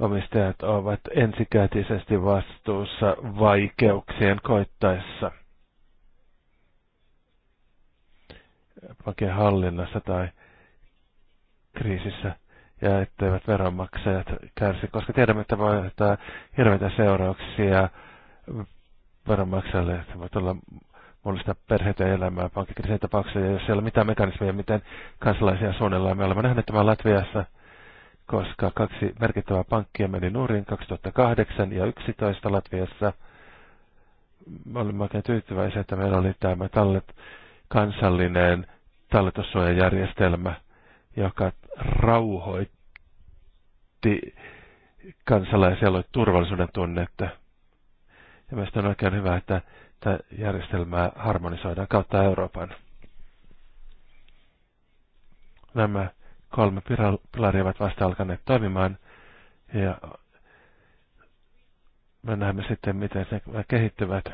omistajat ovat ensikätisesti vastuussa vaikeuksien koittaessa pankin hallinnassa tai kriisissä ja etteivät veronmaksajat kärsi, koska tiedämme, että voi ottaa hirveitä seurauksia veronmaksajalle. että voi tulla mullista perheitä ja elämää pankkikriisin tapauksessa, ja jos ei ole mitään mekanismeja, miten kansalaisia suunnellaan. Me olemme nähneet tämän Latviassa koska kaksi merkittävää pankkia meni nurin 2008 ja 2011 Latviassa. Mä olin oikein tyytyväisiä, että meillä oli tämä tallet, kansallinen talletussuojajärjestelmä, joka rauhoitti kansalaisia, oli turvallisuuden tunnetta. Ja mielestäni on oikein hyvä, että tämä järjestelmää harmonisoidaan kautta Euroopan. Nämä kolme pilaria ovat vasta alkaneet toimimaan ja me näemme sitten, miten ne kehittyvät.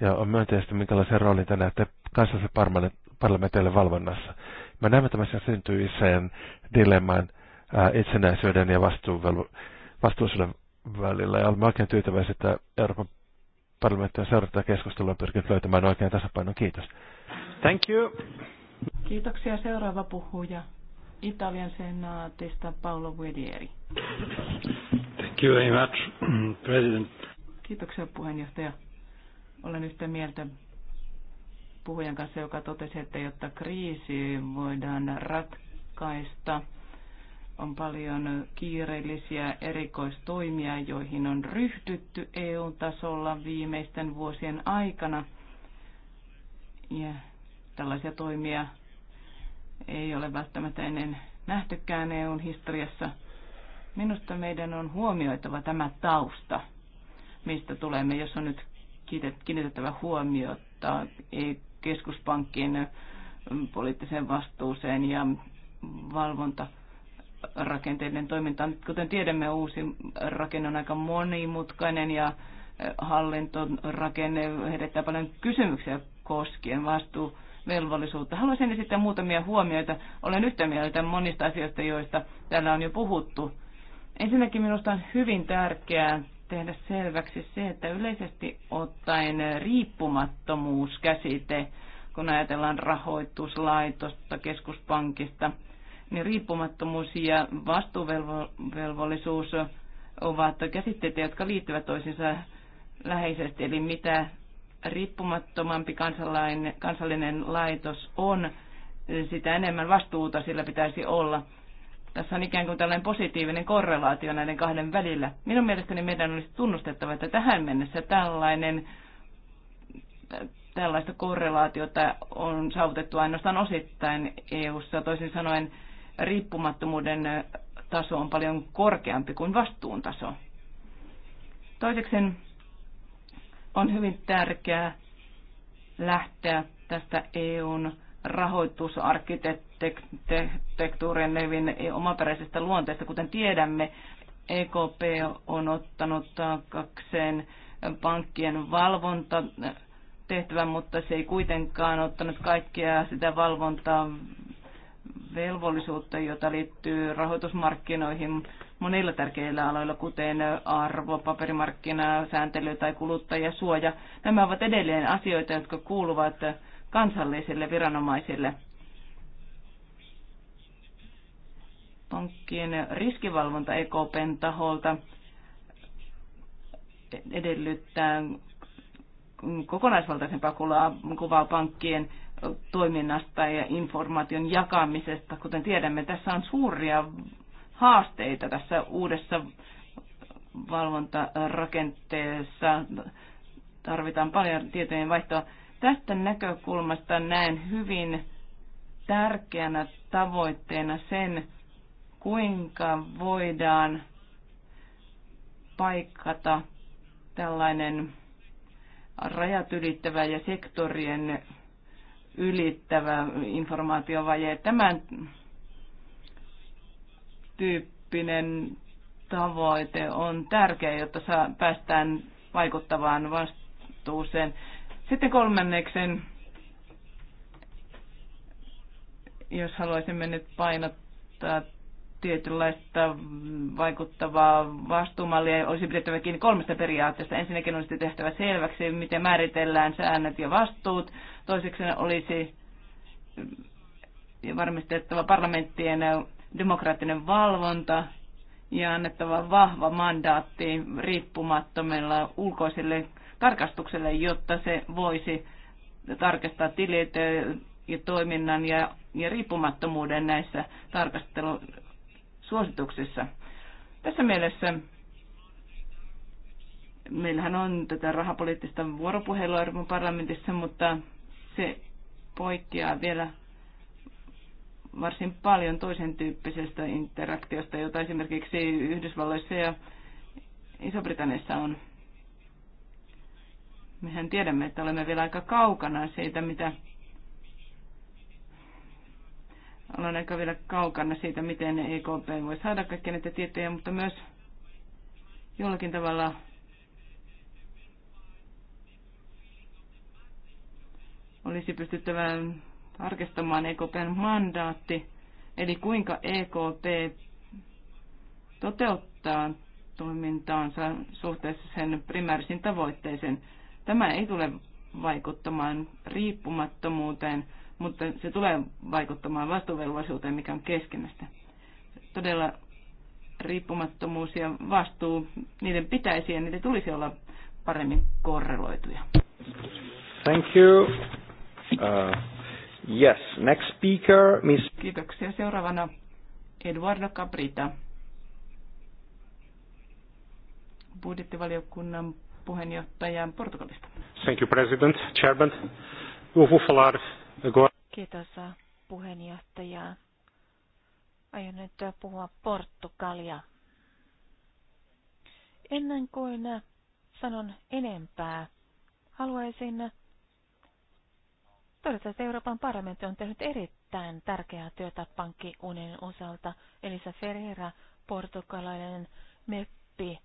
Ja on myönteistä, minkälaisen roolin te näette kansallisen parlamentille valvonnassa. Me näemme tämmöisen syntyisen dilemman ää, itsenäisyyden ja vastuullisuuden välillä. Ja olemme oikein tyytyväisiä, että Euroopan parlamentti on seurattava keskustelua pyrkinyt löytämään oikean tasapainon. Kiitos. Thank you. Kiitoksia. Seuraava puhuja. Italian senaatista Paolo Guedieri. Thank you very much, President. Kiitoksia puheenjohtaja. Olen yhtä mieltä puhujan kanssa, joka totesi, että jotta kriisi voidaan ratkaista, on paljon kiireellisiä erikoistoimia, joihin on ryhtytty EU-tasolla viimeisten vuosien aikana. Ja tällaisia toimia ei ole välttämättä ennen nähtykään EUn historiassa. Minusta meidän on huomioitava tämä tausta, mistä tulemme, jos on nyt kiinnitettävä huomiota keskuspankkien poliittiseen vastuuseen ja valvonta rakenteiden toimintaan. Kuten tiedämme, uusi rakenne on aika monimutkainen ja hallintorakenne herättää paljon kysymyksiä koskien vastuu velvollisuutta. Haluaisin esittää muutamia huomioita. Olen yhtä mieltä monista asioista, joista täällä on jo puhuttu. Ensinnäkin minusta on hyvin tärkeää tehdä selväksi se, että yleisesti ottaen riippumattomuuskäsite, kun ajatellaan rahoituslaitosta, keskuspankista, niin riippumattomuus ja vastuuvelvollisuus ovat käsitteitä, jotka liittyvät toisiinsa läheisesti, eli mitä riippumattomampi kansalainen, kansallinen laitos on, sitä enemmän vastuuta sillä pitäisi olla. Tässä on ikään kuin tällainen positiivinen korrelaatio näiden kahden välillä. Minun mielestäni meidän olisi tunnustettava, että tähän mennessä tällainen, tällaista korrelaatiota on saavutettu ainoastaan osittain EU-ssa. Toisin sanoen riippumattomuuden taso on paljon korkeampi kuin vastuun taso. Toiseksi on hyvin tärkeää lähteä tästä EUn rahoitusarkkitehtuurin hyvin omaperäisestä luonteesta. Kuten tiedämme, EKP on ottanut taakakseen pankkien valvonta tehtävän, mutta se ei kuitenkaan ottanut kaikkea sitä valvontaa velvollisuutta, jota liittyy rahoitusmarkkinoihin monilla tärkeillä aloilla, kuten arvo, paperimarkkina, sääntely tai kuluttajasuoja. Nämä ovat edelleen asioita, jotka kuuluvat kansallisille viranomaisille. Pankkien riskivalvonta EKPn taholta edellyttää kokonaisvaltaisempaa kuvaa pankkien toiminnasta ja informaation jakamisesta. Kuten tiedämme, tässä on suuria haasteita tässä uudessa valvontarakenteessa. Tarvitaan paljon tietojen vaihtoa. Tästä näkökulmasta näen hyvin tärkeänä tavoitteena sen, kuinka voidaan paikata tällainen rajat ylittävä ja sektorien ylittävä informaatiovaje. Tämän tyyppinen tavoite on tärkeä, jotta saa, päästään vaikuttavaan vastuuseen. Sitten kolmanneksen, jos haluaisimme nyt painottaa tietynlaista vaikuttavaa vastuumallia olisi pidettävä kiinni kolmesta periaatteesta. Ensinnäkin olisi tehtävä selväksi, miten määritellään säännöt ja vastuut. Toiseksi olisi varmistettava parlamenttien demokraattinen valvonta ja annettava vahva mandaatti riippumattomilla ulkoisille tarkastukselle, jotta se voisi tarkastaa tilit ja toiminnan ja, ja riippumattomuuden näissä tarkastelusuosituksissa. Tässä mielessä meillähän on tätä rahapoliittista vuoropuhelua Euroopan parlamentissa, mutta se poikkeaa vielä varsin paljon toisen tyyppisestä interaktiosta, jota esimerkiksi Yhdysvalloissa ja Iso-Britanniassa on. Mehän tiedämme, että olemme vielä aika kaukana siitä, mitä olen aika vielä kaukana siitä, miten EKP voi saada kaikkia näitä tietoja, mutta myös jollakin tavalla olisi pystyttävä tarkistamaan EKPn mandaatti, eli kuinka EKP toteuttaa toimintaansa suhteessa sen primäärisiin tavoitteisiin. Tämä ei tule vaikuttamaan riippumattomuuteen, mutta se tulee vaikuttamaan vastuuvelvollisuuteen, mikä on keskeistä. Todella riippumattomuus ja vastuu, niiden pitäisi ja niiden tulisi olla paremmin korreloituja. Thank you. Uh, Yes, next speaker, Miss... Kiitoksia. Seuraavana Eduardo Caprita, Budjettivaliokunnan puheenjohtaja Portugalista. Thank you, President. Chairman. Eu vou falar agora... Kiitos, puheenjohtaja. Aion nyt puhua Portugalia. Ennen kuin sanon enempää, haluaisin Todetaan, että Euroopan parlamentti on tehnyt erittäin tärkeää työtä pankkiunionin osalta. Elisa Ferreira, portugalainen meppi,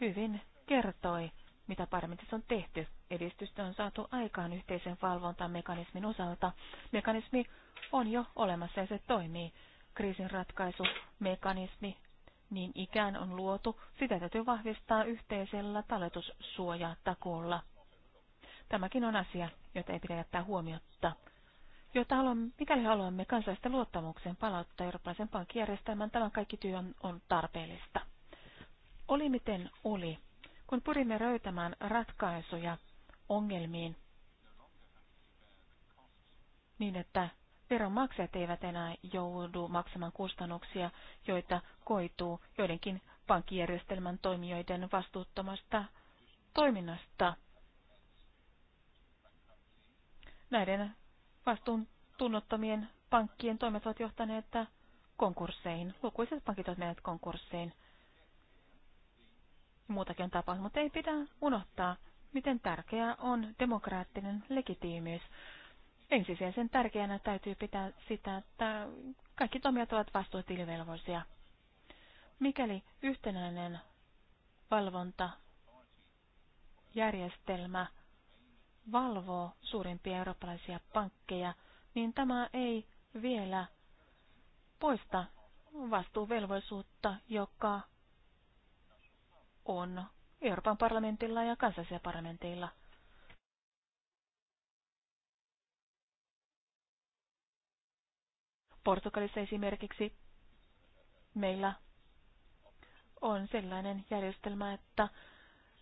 hyvin kertoi, mitä parlamentissa on tehty. Edistystä on saatu aikaan yhteisen valvontamekanismin osalta. Mekanismi on jo olemassa ja se toimii. Kriisinratkaisumekanismi niin ikään on luotu. Sitä täytyy vahvistaa yhteisellä talletussuojatakuulla. Tämäkin on asia, jota ei pidä jättää huomiota, Jotta haluamme, mikäli haluamme kansallisten luottamuksen palauttaa eurooppalaisen pankkijärjestelmän, tämän kaikki työ on, on tarpeellista. Oli miten oli. Kun pyrimme löytämään ratkaisuja ongelmiin niin, että veronmaksajat eivät enää joudu maksamaan kustannuksia, joita koituu joidenkin pankkijärjestelmän toimijoiden vastuuttomasta toiminnasta – Näiden vastuun tunnottomien pankkien toimet ovat johtaneet konkursseihin. Lukuiset pankit ovat menneet konkursseihin. Muutakin on tapahtunut, mutta ei pidä unohtaa, miten tärkeää on demokraattinen legitiimiys. Ensisijaisen tärkeänä täytyy pitää sitä, että kaikki toimijat ovat vastuutilivelvoisia. Mikäli yhtenäinen valvontajärjestelmä – valvoo suurimpia eurooppalaisia pankkeja, niin tämä ei vielä poista vastuuvelvollisuutta, joka on Euroopan parlamentilla ja kansallisilla parlamenteilla. Portugalissa esimerkiksi meillä on sellainen järjestelmä, että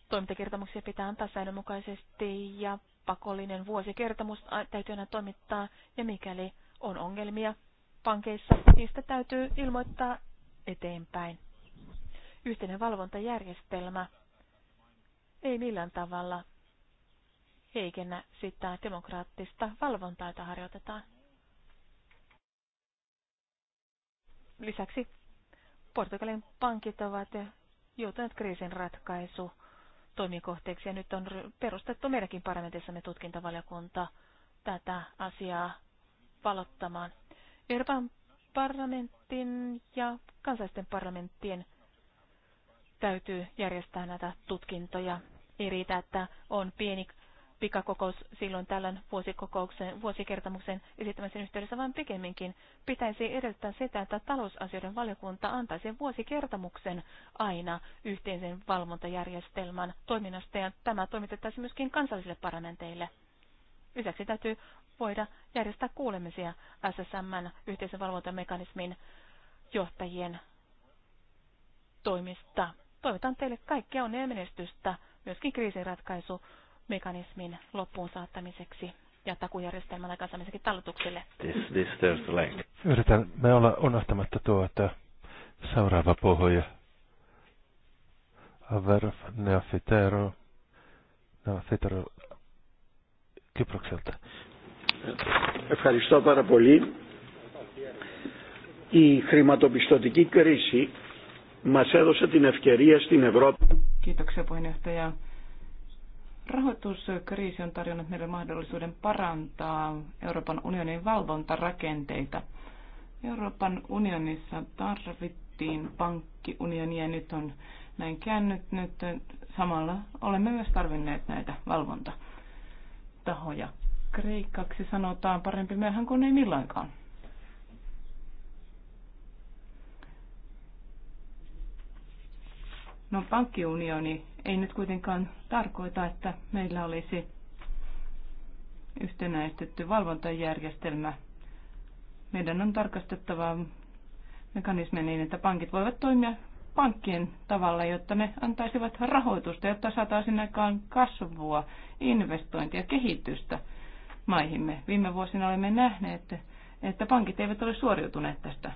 toimintakertomuksia pitää antaa säännönmukaisesti ja pakollinen vuosikertomus täytyy aina toimittaa ja mikäli on ongelmia pankeissa, niistä täytyy ilmoittaa eteenpäin. Yhteinen valvontajärjestelmä ei millään tavalla heikennä sitä demokraattista valvontaa, jota harjoitetaan. Lisäksi Portugalin pankit ovat joutuneet kriisin ratkaisu toimikohteeksi. Ja nyt on perustettu meidänkin parlamentissamme tutkintavaliokunta tätä asiaa valottamaan. Euroopan parlamentin ja kansallisten parlamenttien täytyy järjestää näitä tutkintoja. Ei riitä, että on pieni pikakokous silloin tällöin vuosikokouksen, vuosikertomuksen esittämisen yhteydessä, vaan pikemminkin pitäisi edellyttää sitä, että talousasioiden valiokunta antaisi vuosikertomuksen aina yhteisen valvontajärjestelmän toiminnasta, ja tämä toimitettaisiin myöskin kansallisille parlamenteille. Lisäksi täytyy voida järjestää kuulemisia SSMn yhteisen valvontamekanismin johtajien toimista. Toivotan teille kaikkea onnea menestystä myöskin kriisinratkaisu mekanismin loppuun saattamiseksi ja takujärjestelmän aikaisemmiseksi talletuksille. This, this Yritän me olla unohtamatta tuo, että seuraava puhuja. Averf Neofitero, Neofitero Kyprokselta. Ευχαριστώ πάρα πολύ. Η χρηματοπιστωτική κρίση μας έδωσε την ευκαιρία στην Ευρώπη. Κοίταξε, που είναι αυτή, puheenjohtaja. Rahoituskriisi on tarjonnut meille mahdollisuuden parantaa Euroopan unionin valvontarakenteita. Euroopan unionissa tarvittiin pankkiunionia ja nyt on näin käännyt. Nyt samalla olemme myös tarvinneet näitä valvontatahoja. Kreikaksi sanotaan parempi myöhään kuin ei milloinkaan. No pankkiunioni ei nyt kuitenkaan tarkoita, että meillä olisi yhtenäistetty valvontajärjestelmä. Meidän on tarkastettava mekanismi niin, että pankit voivat toimia pankkien tavalla, jotta ne antaisivat rahoitusta, jotta saataisiin aikaan kasvua, investointia, kehitystä maihimme. Viime vuosina olemme nähneet, että, että pankit eivät ole suoriutuneet tästä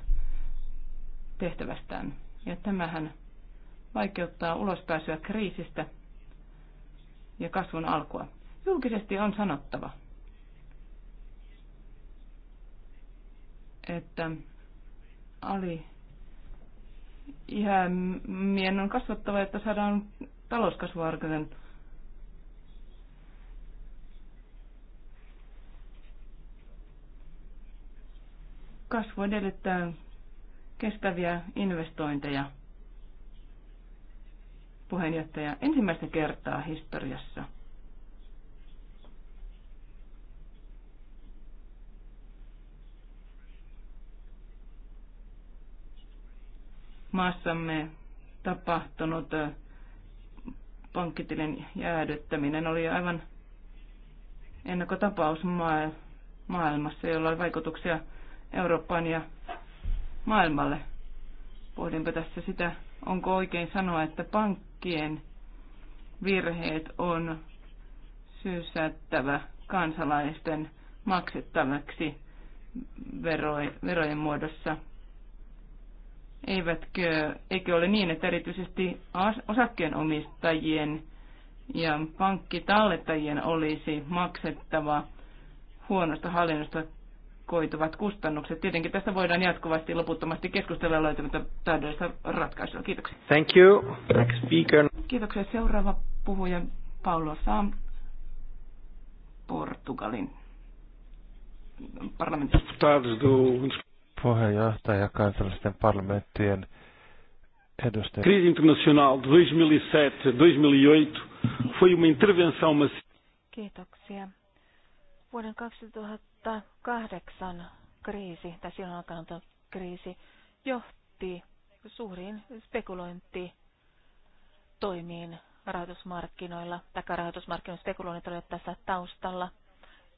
tehtävästään. Ja tämähän vaikeuttaa ulospääsyä kriisistä ja kasvun alkua. Julkisesti on sanottava, että ali jäämien on kasvattava, että saadaan talouskasvua kasvu edellyttää kestäviä investointeja puheenjohtaja ensimmäistä kertaa historiassa. Maassamme tapahtunut äh, pankkitilin jäädyttäminen oli aivan ennakkotapaus maailmassa, jolla oli vaikutuksia Eurooppaan ja maailmalle. Pohdinpä tässä sitä, onko oikein sanoa, että pankki pankkien virheet on sysättävä kansalaisten maksettavaksi verojen muodossa. Eivätkö, eikö ole niin, että erityisesti osakkeenomistajien ja pankkitallettajien olisi maksettava huonosta hallinnosta koituvat kustannukset. Tietenkin tästä voidaan jatkuvasti loputtomasti keskustella löytämättä täydellistä ratkaisua. Kiitoksia. Thank you. Next speaker. Kiitoksia. Seuraava puhuja Paulo Sam Portugalin parlamentista. Puheenjohtaja kansallisten parlamenttien edustaja. Crise internacional 2007-2008 e e foi uma intervenção massiva. Kiitoksia. Vuoden 2000 2008 kriisi, tai silloin alkanut kriisi, johti suuriin spekulointi toimiin rahoitusmarkkinoilla, tai rahoitusmarkkinoiden spekuloinnit olivat tässä taustalla.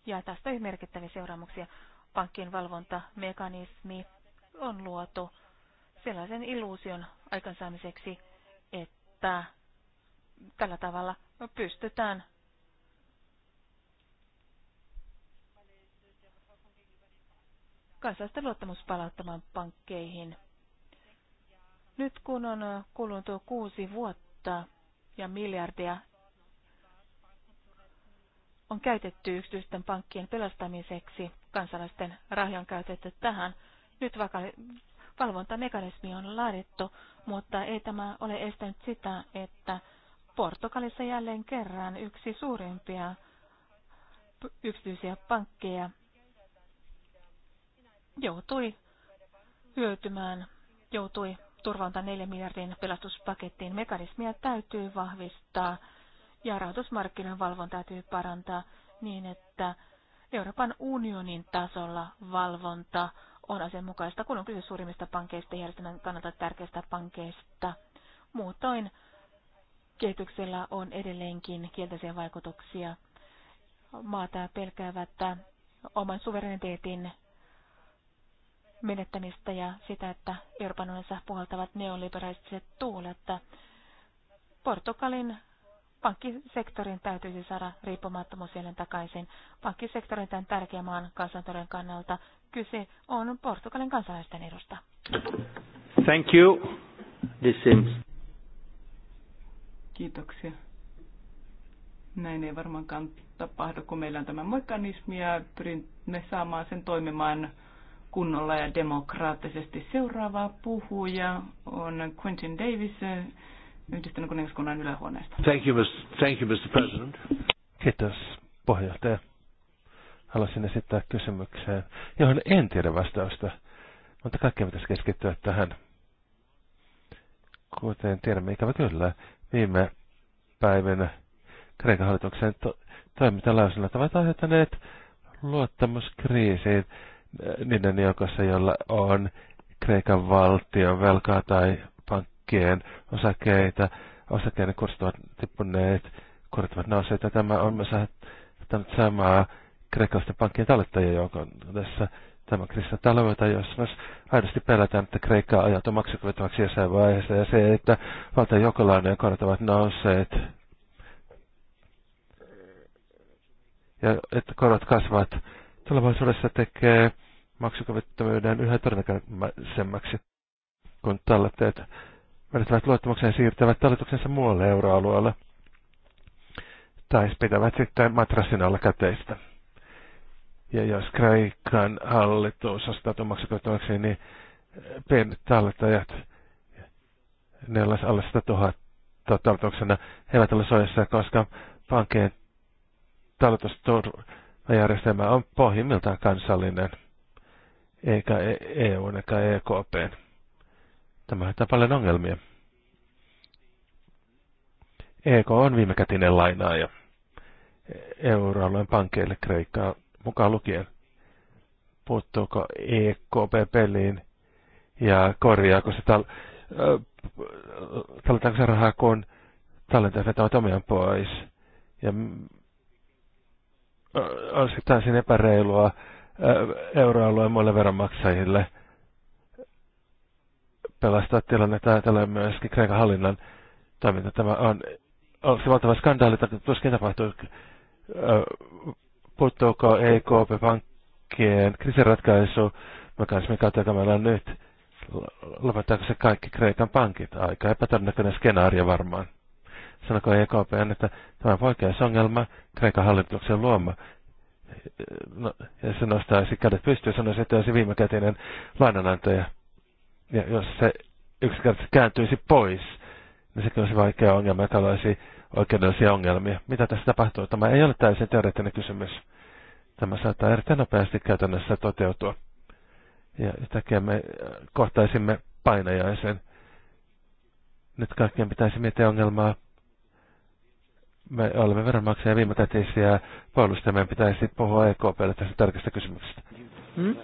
Ja tästä ei merkittäviä seuraamuksia. Pankkien valvontamekanismi on luotu sellaisen illuusion aikansaamiseksi, että tällä tavalla pystytään kansalaisten luottamus palauttamaan pankkeihin. Nyt kun on kulunut kuusi vuotta ja miljardia on käytetty yksityisten pankkien pelastamiseksi, kansalaisten rahoja on käytetty tähän. Nyt valvontamekanismi on laadittu, mutta ei tämä ole estänyt sitä, että Portugalissa jälleen kerran yksi suurimpia yksityisiä pankkeja joutui hyötymään, joutui turvanta 4 miljardin pelastuspakettiin. Mekanismia täytyy vahvistaa ja rahoitusmarkkinan valvonta täytyy parantaa niin, että Euroopan unionin tasolla valvonta on asianmukaista, kun on kyse suurimmista pankeista ja järjestelmän kannalta tärkeistä pankeista. Muutoin kehityksellä on edelleenkin kielteisiä vaikutuksia. Maata pelkäävät oman suvereniteetin menettämistä ja sitä, että Euroopan unionissa puhaltavat neoliberaaliset tuulet. Portugalin pankkisektorin täytyisi saada riippumattomuus jälleen takaisin. Pankkisektorin tämän tärkeän maan kansantalouden kannalta kyse on Portugalin kansalaisten edusta. Thank you. This seems... Kiitoksia. Näin ei varmaankaan tapahdu, kun meillä on tämä mekanismi ja pyrimme saamaan sen toimimaan kunnolla ja demokraattisesti. Seuraava puhuja on Quentin Davis yhdistyneen kuningaskunnan ylähuoneesta. Thank you, Mr. Thank you, Mr. President. Kiitos, puheenjohtaja. Haluaisin esittää kysymykseen, johon en tiedä vastausta, mutta kaikkea pitäisi keskittyä tähän. Kuten tiedämme, ikävä kyllä, viime päivänä Kreikan hallituksen to- toimintalausilla ovat aiheuttaneet luottamuskriisiin Äh, niiden joukossa, jolla on Kreikan valtion velkaa tai pankkien osakeita. Osakkeiden kurssit ovat tippuneet, kurssit ovat nousseet, tämä on myös saattanut samaa kreikkalaisten pankkien tallettajien joukon tässä tämän kriisin taloutta, jos myös aidosti pelätään, että Kreikka ajautuu maksukyvyttömäksi jossain vaiheessa, ja se, että valtion jokolainen korot ovat nousseet, ja että korot kasvavat tulevaisuudessa tekee maksukyvyttömyyden yhä todennäköisemmäksi, kun talletteet välittävät luottamukseen siirtävät talletuksensa muualle euroalueelle. Tai pitävät sitten matrasin alla käteistä. Ja jos Kreikan hallitus sitä maksukyvyttömäksi, niin pienet tallettajat, ne olisivat alle 100 000 talletuksena, he eivät ole soissa, koska pankkien talletusturva järjestelmä on pohjimmiltaan kansallinen, eikä e- EU, eikä EKP. Tämä aiheuttaa paljon ongelmia. EK on viimekätinen lainaaja euroalueen pankeille Kreikkaa mukaan lukien. Puuttuuko EKP peliin ja korjaako se tal- se rahaa, kun tallentajat vetävät omiaan pois? Ja täysin epäreilua euroalueen muille veronmaksajille pelastaa tilannetta tällä myöskin Kreikan hallinnan toiminta. Tämä on, on se valtava skandaali, että tuskin tapahtuu. Puuttuuko EKP pankkien kriisiratkaisu mekanismin kautta, joka meillä on nyt? Lopettaako se kaikki Kreikan pankit? Aika epätodennäköinen skenaario varmaan sanokaa EKP, että tämä on vaikeus ongelma, Kreikan hallituksen luoma. No, ja se nostaisi kädet pystyyn ja sanoisi, että olisi viimekätinen lainanantaja. Ja jos se yksinkertaisesti kääntyisi pois, niin sekin olisi vaikea ongelma, että olisi oikeudellisia ongelmia. Mitä tässä tapahtuu? Tämä ei ole täysin teoreettinen kysymys. Tämä saattaa erittäin nopeasti käytännössä toteutua. Ja yhtäkkiä me äh, kohtaisimme painajaisen. Nyt kaikkien pitäisi miettiä ongelmaa me olemme veronmaksajia ja puolustaja. Meidän pitäisi puhua EKPlle tästä tärkeästä kysymyksestä. Hmm?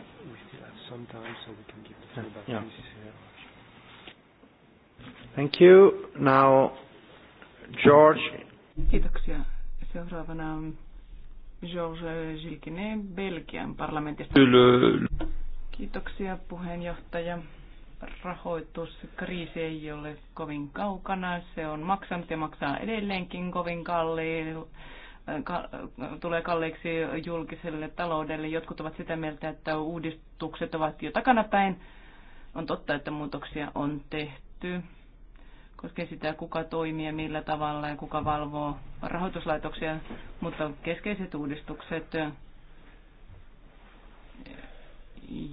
Yeah. Thank you. Now, George. Kiitoksia. Seuraavana Georges Gilkinen Belgian parlamentista. Kiitoksia puheenjohtaja rahoituskriisi ei ole kovin kaukana. Se on maksanut ja maksaa edelleenkin kovin kalliin. Ka- tulee kalliiksi julkiselle taloudelle. Jotkut ovat sitä mieltä, että uudistukset ovat jo takanapäin. On totta, että muutoksia on tehty Koskee sitä, kuka toimii ja millä tavalla ja kuka valvoo rahoituslaitoksia, mutta keskeiset uudistukset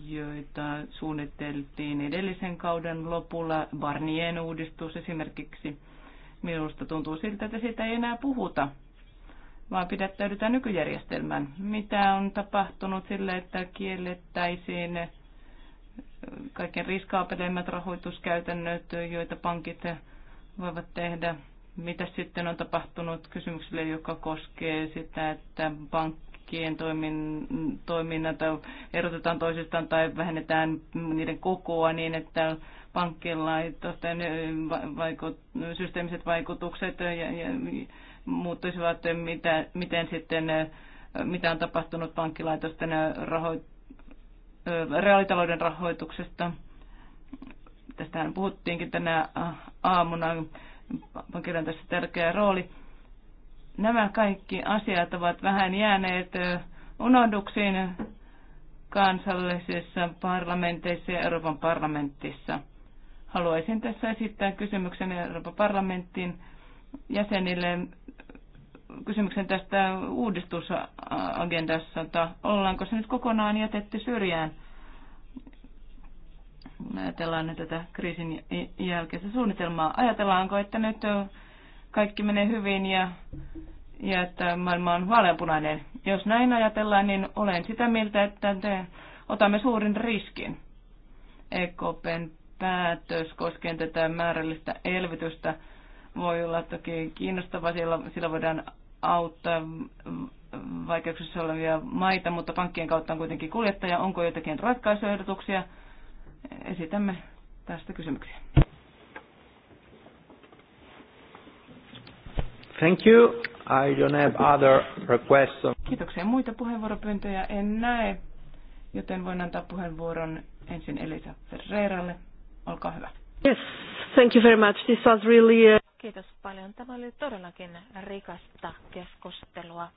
joita suunniteltiin edellisen kauden lopulla, Barnien uudistus esimerkiksi. Minusta tuntuu siltä, että siitä ei enää puhuta, vaan pidättäydytään nykyjärjestelmän. Mitä on tapahtunut sille, että kiellettäisiin kaiken riskaapelemmat rahoituskäytännöt, joita pankit voivat tehdä? Mitä sitten on tapahtunut kysymykselle, joka koskee sitä, että pankki pankkien toimin, toiminnat erotetaan toisistaan tai vähennetään niiden kokoa niin, että pankkilaitosten vaikut, systeemiset vaikutukset ja, ja, muuttuisivat, mitä, miten sitten, mitä on tapahtunut pankkilaitosten rahoit, reaalitalouden rahoituksesta. Tästähän puhuttiinkin tänä aamuna. Pankilla on tässä tärkeä rooli Nämä kaikki asiat ovat vähän jääneet unohduksiin kansallisissa parlamenteissa ja Euroopan parlamentissa. Haluaisin tässä esittää kysymyksen Euroopan parlamentin jäsenille kysymyksen tästä uudistusagendassa, että ollaanko se nyt kokonaan jätetty syrjään? ajatellaan nyt tätä kriisin jälkeistä suunnitelmaa, ajatellaanko, että nyt kaikki menee hyvin ja, ja että maailma on vaaleanpunainen. Jos näin ajatellaan, niin olen sitä mieltä, että te otamme suurin riskin. EKPn päätös koskien tätä määrällistä elvytystä voi olla toki kiinnostava, sillä, sillä voidaan auttaa vaikeuksissa olevia maita, mutta pankkien kautta on kuitenkin kuljettaja. Onko jotakin ratkaisuehdotuksia? Esitämme tästä kysymyksiä. Thank you. I don't have other requests. Kiitoksia. Muita puheenvuoropyyntöjä en näe, joten voin antaa puheenvuoron ensin Elisa Ferreiralle. Olkaa hyvä. Yes, thank you very much. This was really... A... Uh, Kiitos paljon. Tämä oli todellakin rikasta keskustelua.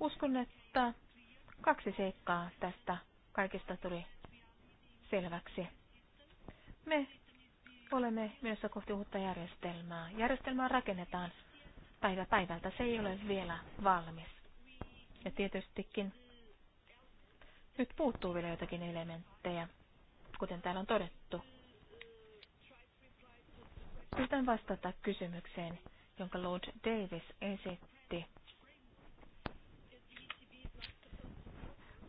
Uskon, että kaksi seikkaa tästä kaikista tuli selväksi. Me olemme menossa kohti uutta järjestelmää. Järjestelmää rakennetaan päivä päivältä. Se ei ole vielä valmis. Ja tietystikin nyt puuttuu vielä jotakin elementtejä, kuten täällä on todettu. Yritän vastata kysymykseen, jonka Lord Davis esitti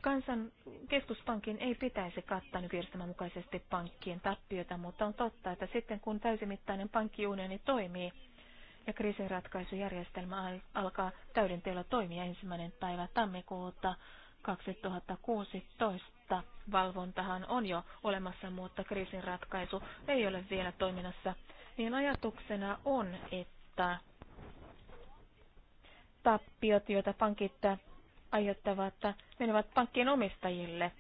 Kansan keskuspankin ei pitäisi kattaa nykyjärjestelmän mukaisesti pankkien tappiota, mutta on totta, että sitten kun täysimittainen pankkiunioni toimii ja kriisinratkaisujärjestelmä alkaa täydenteellä toimia ensimmäinen päivä tammikuuta 2016, valvontahan on jo olemassa, mutta kriisinratkaisu ei ole vielä toiminnassa, niin ajatuksena on, että tappiot, joita pankit että menevät pankkien omistajille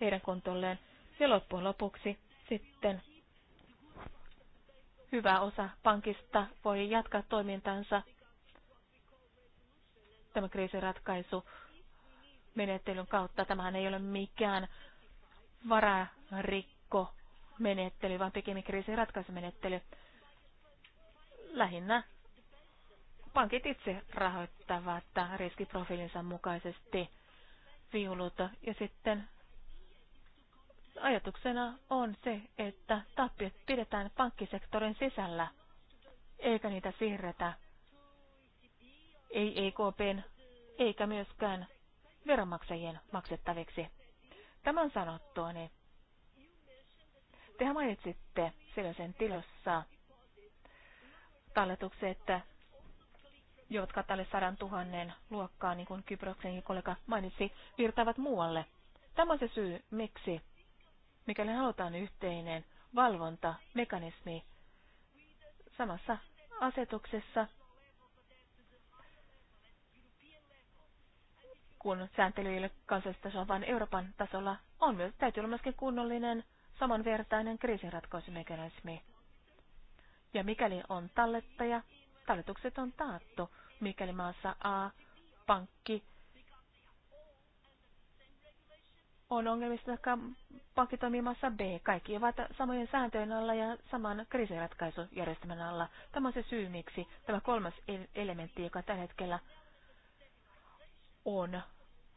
heidän kontolleen. Ja loppujen lopuksi sitten hyvä osa pankista voi jatkaa toimintansa. Tämä kriisiratkaisu menettelyn kautta. Tämähän ei ole mikään vararikko menettely, vaan pikemmin kriisiratkaisumenettely Lähinnä pankit itse rahoittavat riskiprofiilinsa mukaisesti viulut. Ja sitten ajatuksena on se, että tappiot pidetään pankkisektorin sisällä, eikä niitä siirretä ei EKPn eikä myöskään veronmaksajien maksettaviksi. Tämän sanottuani niin tehän mainitsitte silloisen tilossa talletukset jotka tälle sadan tuhannen luokkaa, niin kuin Kyproksen kollega mainitsi, virtaavat muualle. Tämä on se syy, miksi, mikäli halutaan yhteinen valvontamekanismi samassa asetuksessa, kun sääntely ei ole kansallistasolla, vaan Euroopan tasolla, on myös, täytyy olla myöskin kunnollinen samanvertainen kriisinratkaisumekanismi. Ja mikäli on tallettaja Talletukset on taattu, mikäli maassa A pankki on ongelmista, että pankki toimii maassa B. Kaikki ovat samojen sääntöjen alla ja saman kriisiratkaisujärjestelmän alla. Tämä on se syy, miksi tämä kolmas elementti, joka tällä hetkellä on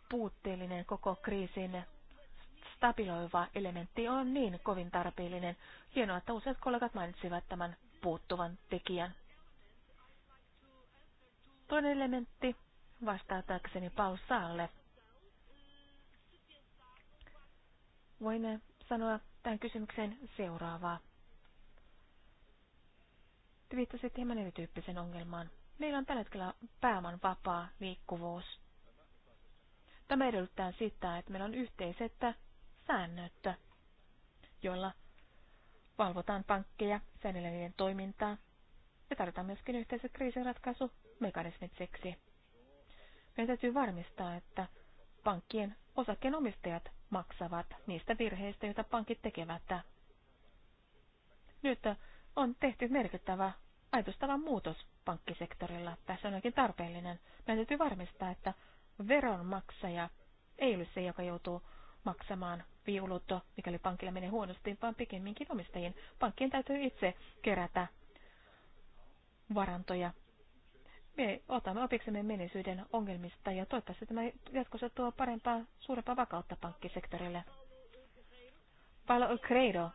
puutteellinen koko kriisin stabiloiva elementti on niin kovin tarpeellinen. Hienoa, että useat kollegat mainitsivat tämän puuttuvan tekijän. Toinen elementti vastaa vastaatakseni Pausaalle. Voin sanoa tähän kysymykseen seuraavaa. Te viittasit hieman erityyppisen ongelmaan. Meillä on tällä hetkellä pääoman vapaa liikkuvuus. Tämä edellyttää sitä, että meillä on yhteiset säännöt, joilla valvotaan pankkeja, säännöllinen toimintaa ja tarvitaan myöskin yhteiset kriisinratkaisu mekanismit siksi. Meidän täytyy varmistaa, että pankkien osakkeenomistajat maksavat niistä virheistä, joita pankit tekevät. Nyt on tehty merkittävä ajatustava muutos pankkisektorilla. Tässä on oikein tarpeellinen. Meidän täytyy varmistaa, että veronmaksaja ei ole se, joka joutuu maksamaan viulut, mikäli pankilla menee huonosti, vaan pikemminkin omistajien. Pankkien täytyy itse kerätä varantoja me otamme opiksemme menisyyden ongelmista ja toivottavasti tämä jatkossa tuo parempaa, suurempaa vakautta pankkisektorille. Paolo Credo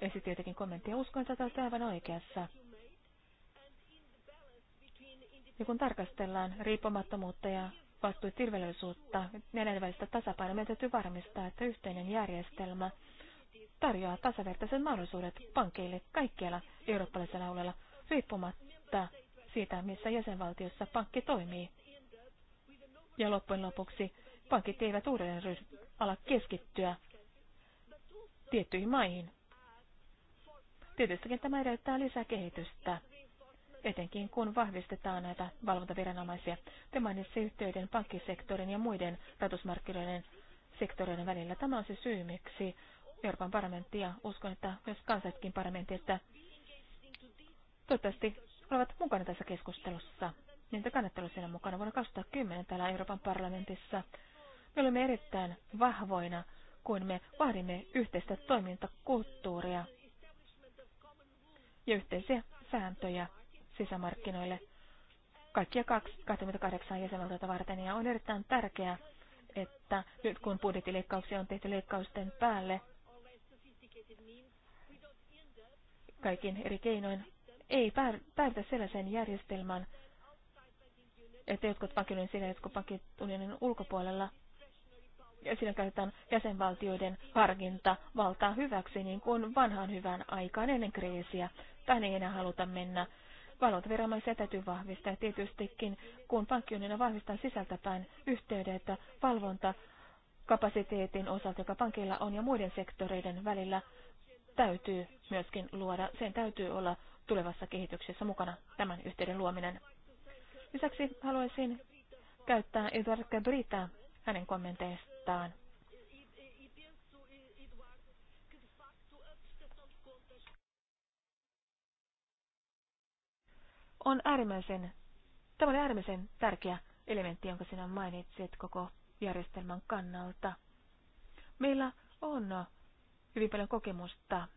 esitti jotenkin kommenttia. Uskon, että olet aivan oikeassa. Ja kun tarkastellaan riippumattomuutta ja vastuutirvelöllisuutta, näiden välistä tasapainoa, meidän täytyy varmistaa, että yhteinen järjestelmä tarjoaa tasavertaiset mahdollisuudet pankeille kaikkialla eurooppalaisella alueella riippumatta siitä, missä jäsenvaltiossa pankki toimii. Ja loppujen lopuksi pankit eivät uudelleen ryhdy, ala keskittyä tiettyihin maihin. Tietystikin tämä edellyttää lisää kehitystä, etenkin kun vahvistetaan näitä valvontaviranomaisia. Te mainitsi yhteyden pankkisektorin ja muiden ratusmarkkinoiden sektoreiden välillä. Tämä on se syy, miksi Euroopan parlamentti ja uskon, että myös kansallisetkin parlamentti, että toivottavasti ovat mukana tässä keskustelussa. Niitä olla siinä mukana vuonna 2010 täällä Euroopan parlamentissa. Me olemme erittäin vahvoina, kun me vahdimme yhteistä toimintakulttuuria ja yhteisiä sääntöjä sisämarkkinoille kaikkia 28 jäsenvaltiota varten. Ja on erittäin tärkeää, että nyt kun budjettileikkauksia on tehty leikkausten päälle, kaikin eri keinoin ei päästä sellaiseen järjestelmään, että jotkut pankkiunionin sillä, jotkut pankkiunionin ulkopuolella, ja siinä käytetään jäsenvaltioiden harkinta valtaa hyväksi, niin kuin vanhaan hyvään aikaan ennen kriisiä. Tähän ei enää haluta mennä. Valvontaviranomaisia täytyy vahvistaa. Ja tietystikin, kun pankkiunionina vahvistaa sisältäpäin yhteydet, valvonta kapasiteetin osalta, joka pankilla on ja muiden sektoreiden välillä, täytyy myöskin luoda. Sen täytyy olla tulevassa kehityksessä mukana tämän yhteyden luominen. Lisäksi haluaisin käyttää Eduard Cabrita hänen kommenteistaan. On äärimmäisen, tämä oli äärimmäisen tärkeä elementti, jonka sinä mainitsit koko järjestelmän kannalta. Meillä on hyvin paljon kokemusta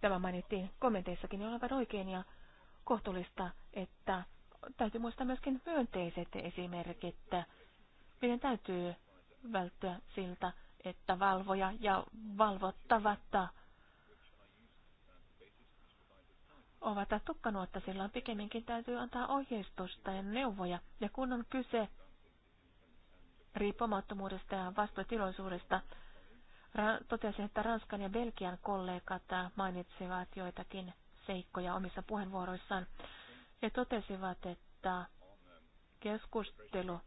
Tämä mainittiin kommenteissakin niin olevan oikein ja kohtuullista, että täytyy muistaa myöskin myönteiset esimerkit. Meidän täytyy välttyä siltä, että valvoja ja valvottavat ovat tukkanuotta, silloin pikemminkin täytyy antaa ohjeistusta ja neuvoja. Ja kun on kyse riippumattomuudesta ja vastuutiloisuudesta, Totesin, että Ranskan ja Belgian kollegat mainitsivat joitakin seikkoja omissa puheenvuoroissaan. He totesivat, että keskustelu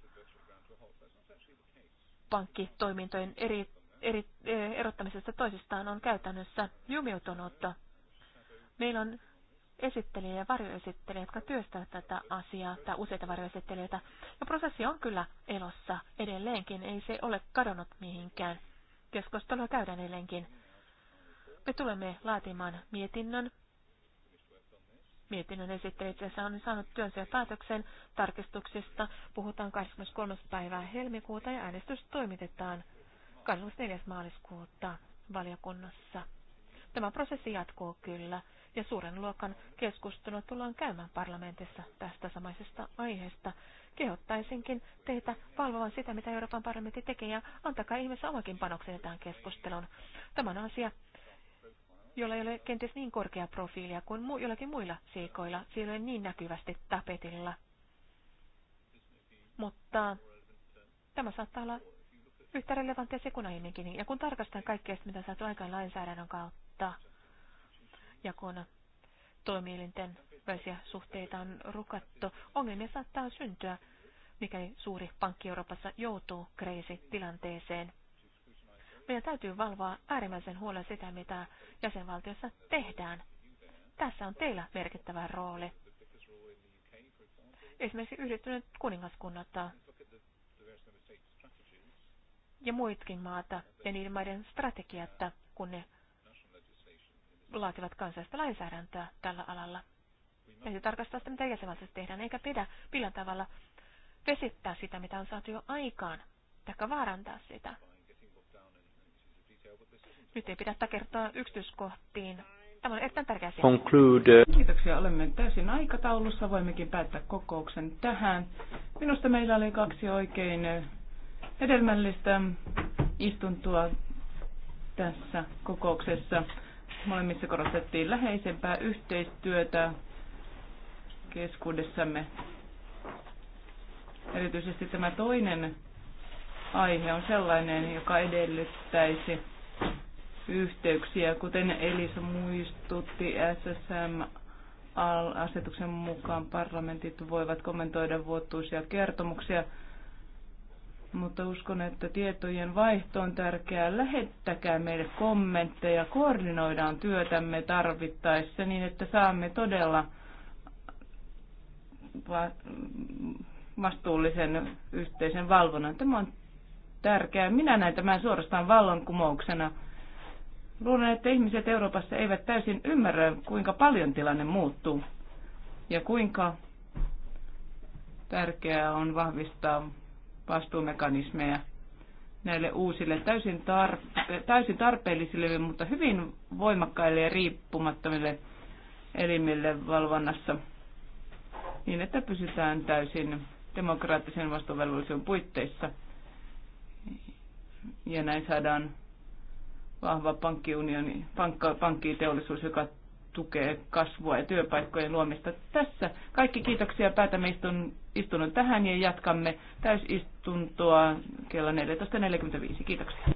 pankkitoimintojen eri, eri, e, erottamisesta toisistaan on käytännössä jumiutunutta. Meillä on esittelijä ja varjoesittelijä, jotka työstävät tätä asiaa, tai useita varjoesittelijöitä, ja prosessi on kyllä elossa edelleenkin, ei se ole kadonnut mihinkään keskustelua käydään edelleenkin. Me tulemme laatimaan mietinnön. Mietinnön esittely itse asiassa on saanut työnsä päätöksen tarkistuksista. Puhutaan 23. päivää helmikuuta ja äänestys toimitetaan 24. maaliskuuta valiokunnassa. Tämä prosessi jatkuu kyllä ja suuren luokan keskustelu tullaan käymään parlamentissa tästä samaisesta aiheesta. Kehottaisinkin teitä valvovan sitä, mitä Euroopan parlamentti tekee ja antakaa ihmeessä omakin panoksen tähän keskusteluun. Tämä on asia, jolla ei ole kenties niin korkea profiilia kuin mu- jollakin muilla siikoilla, Siellä ei ole niin näkyvästi tapetilla. Mutta tämä saattaa olla yhtä relevanttia se Ja kun tarkastan kaikkea, mitä saatu aikaan lainsäädännön kautta, jakona toimielinten välisiä suhteita on rukattu. Ongelmia saattaa syntyä, mikäli suuri pankki Euroopassa joutuu kriisitilanteeseen. Meidän täytyy valvoa äärimmäisen huolella sitä, mitä jäsenvaltiossa tehdään. Tässä on teillä merkittävä rooli. Esimerkiksi yhdistyneet kuningaskunnat ja muitkin maata ja niiden maiden strategiat, kun ne laativat kansallista lainsäädäntöä tällä alalla. Täytyy tarkastaa sitä, mitä jäsenvaltiossa tehdään, eikä pidä millään tavalla vesittää sitä, mitä on saatu jo aikaan, tai vaarantaa sitä. Nyt ei pidä takertoa yksityiskohtiin. Tämä on erittäin tärkeä asia. Conclude. Kiitoksia. Olemme täysin aikataulussa. Voimmekin päättää kokouksen tähän. Minusta meillä oli kaksi oikein hedelmällistä istuntoa tässä kokouksessa. Molemmissa korostettiin läheisempää yhteistyötä keskuudessamme. Erityisesti tämä toinen aihe on sellainen, joka edellyttäisi yhteyksiä, kuten Elisa muistutti SSM asetuksen mukaan parlamentit voivat kommentoida vuotuisia kertomuksia mutta uskon, että tietojen vaihto on tärkeää. Lähettäkää meille kommentteja, koordinoidaan työtämme tarvittaessa niin, että saamme todella vastuullisen yhteisen valvonnan. Tämä on tärkeää. Minä näen tämän suorastaan vallankumouksena. Luulen, että ihmiset Euroopassa eivät täysin ymmärrä, kuinka paljon tilanne muuttuu ja kuinka tärkeää on vahvistaa vastuumekanismeja näille uusille täysin, tarpe- täysin tarpeellisille, mutta hyvin voimakkaille ja riippumattomille elimille valvonnassa niin, että pysytään täysin demokraattisen vastuuvelvollisuuden puitteissa. Ja näin saadaan vahva pankkiunioni, pankka, pankkiteollisuus, joka tukee kasvua ja työpaikkojen luomista. Tässä kaikki kiitoksia. Päätämme istun, istunnon tähän ja jatkamme täysistuntoa kello 14.45. Kiitoksia.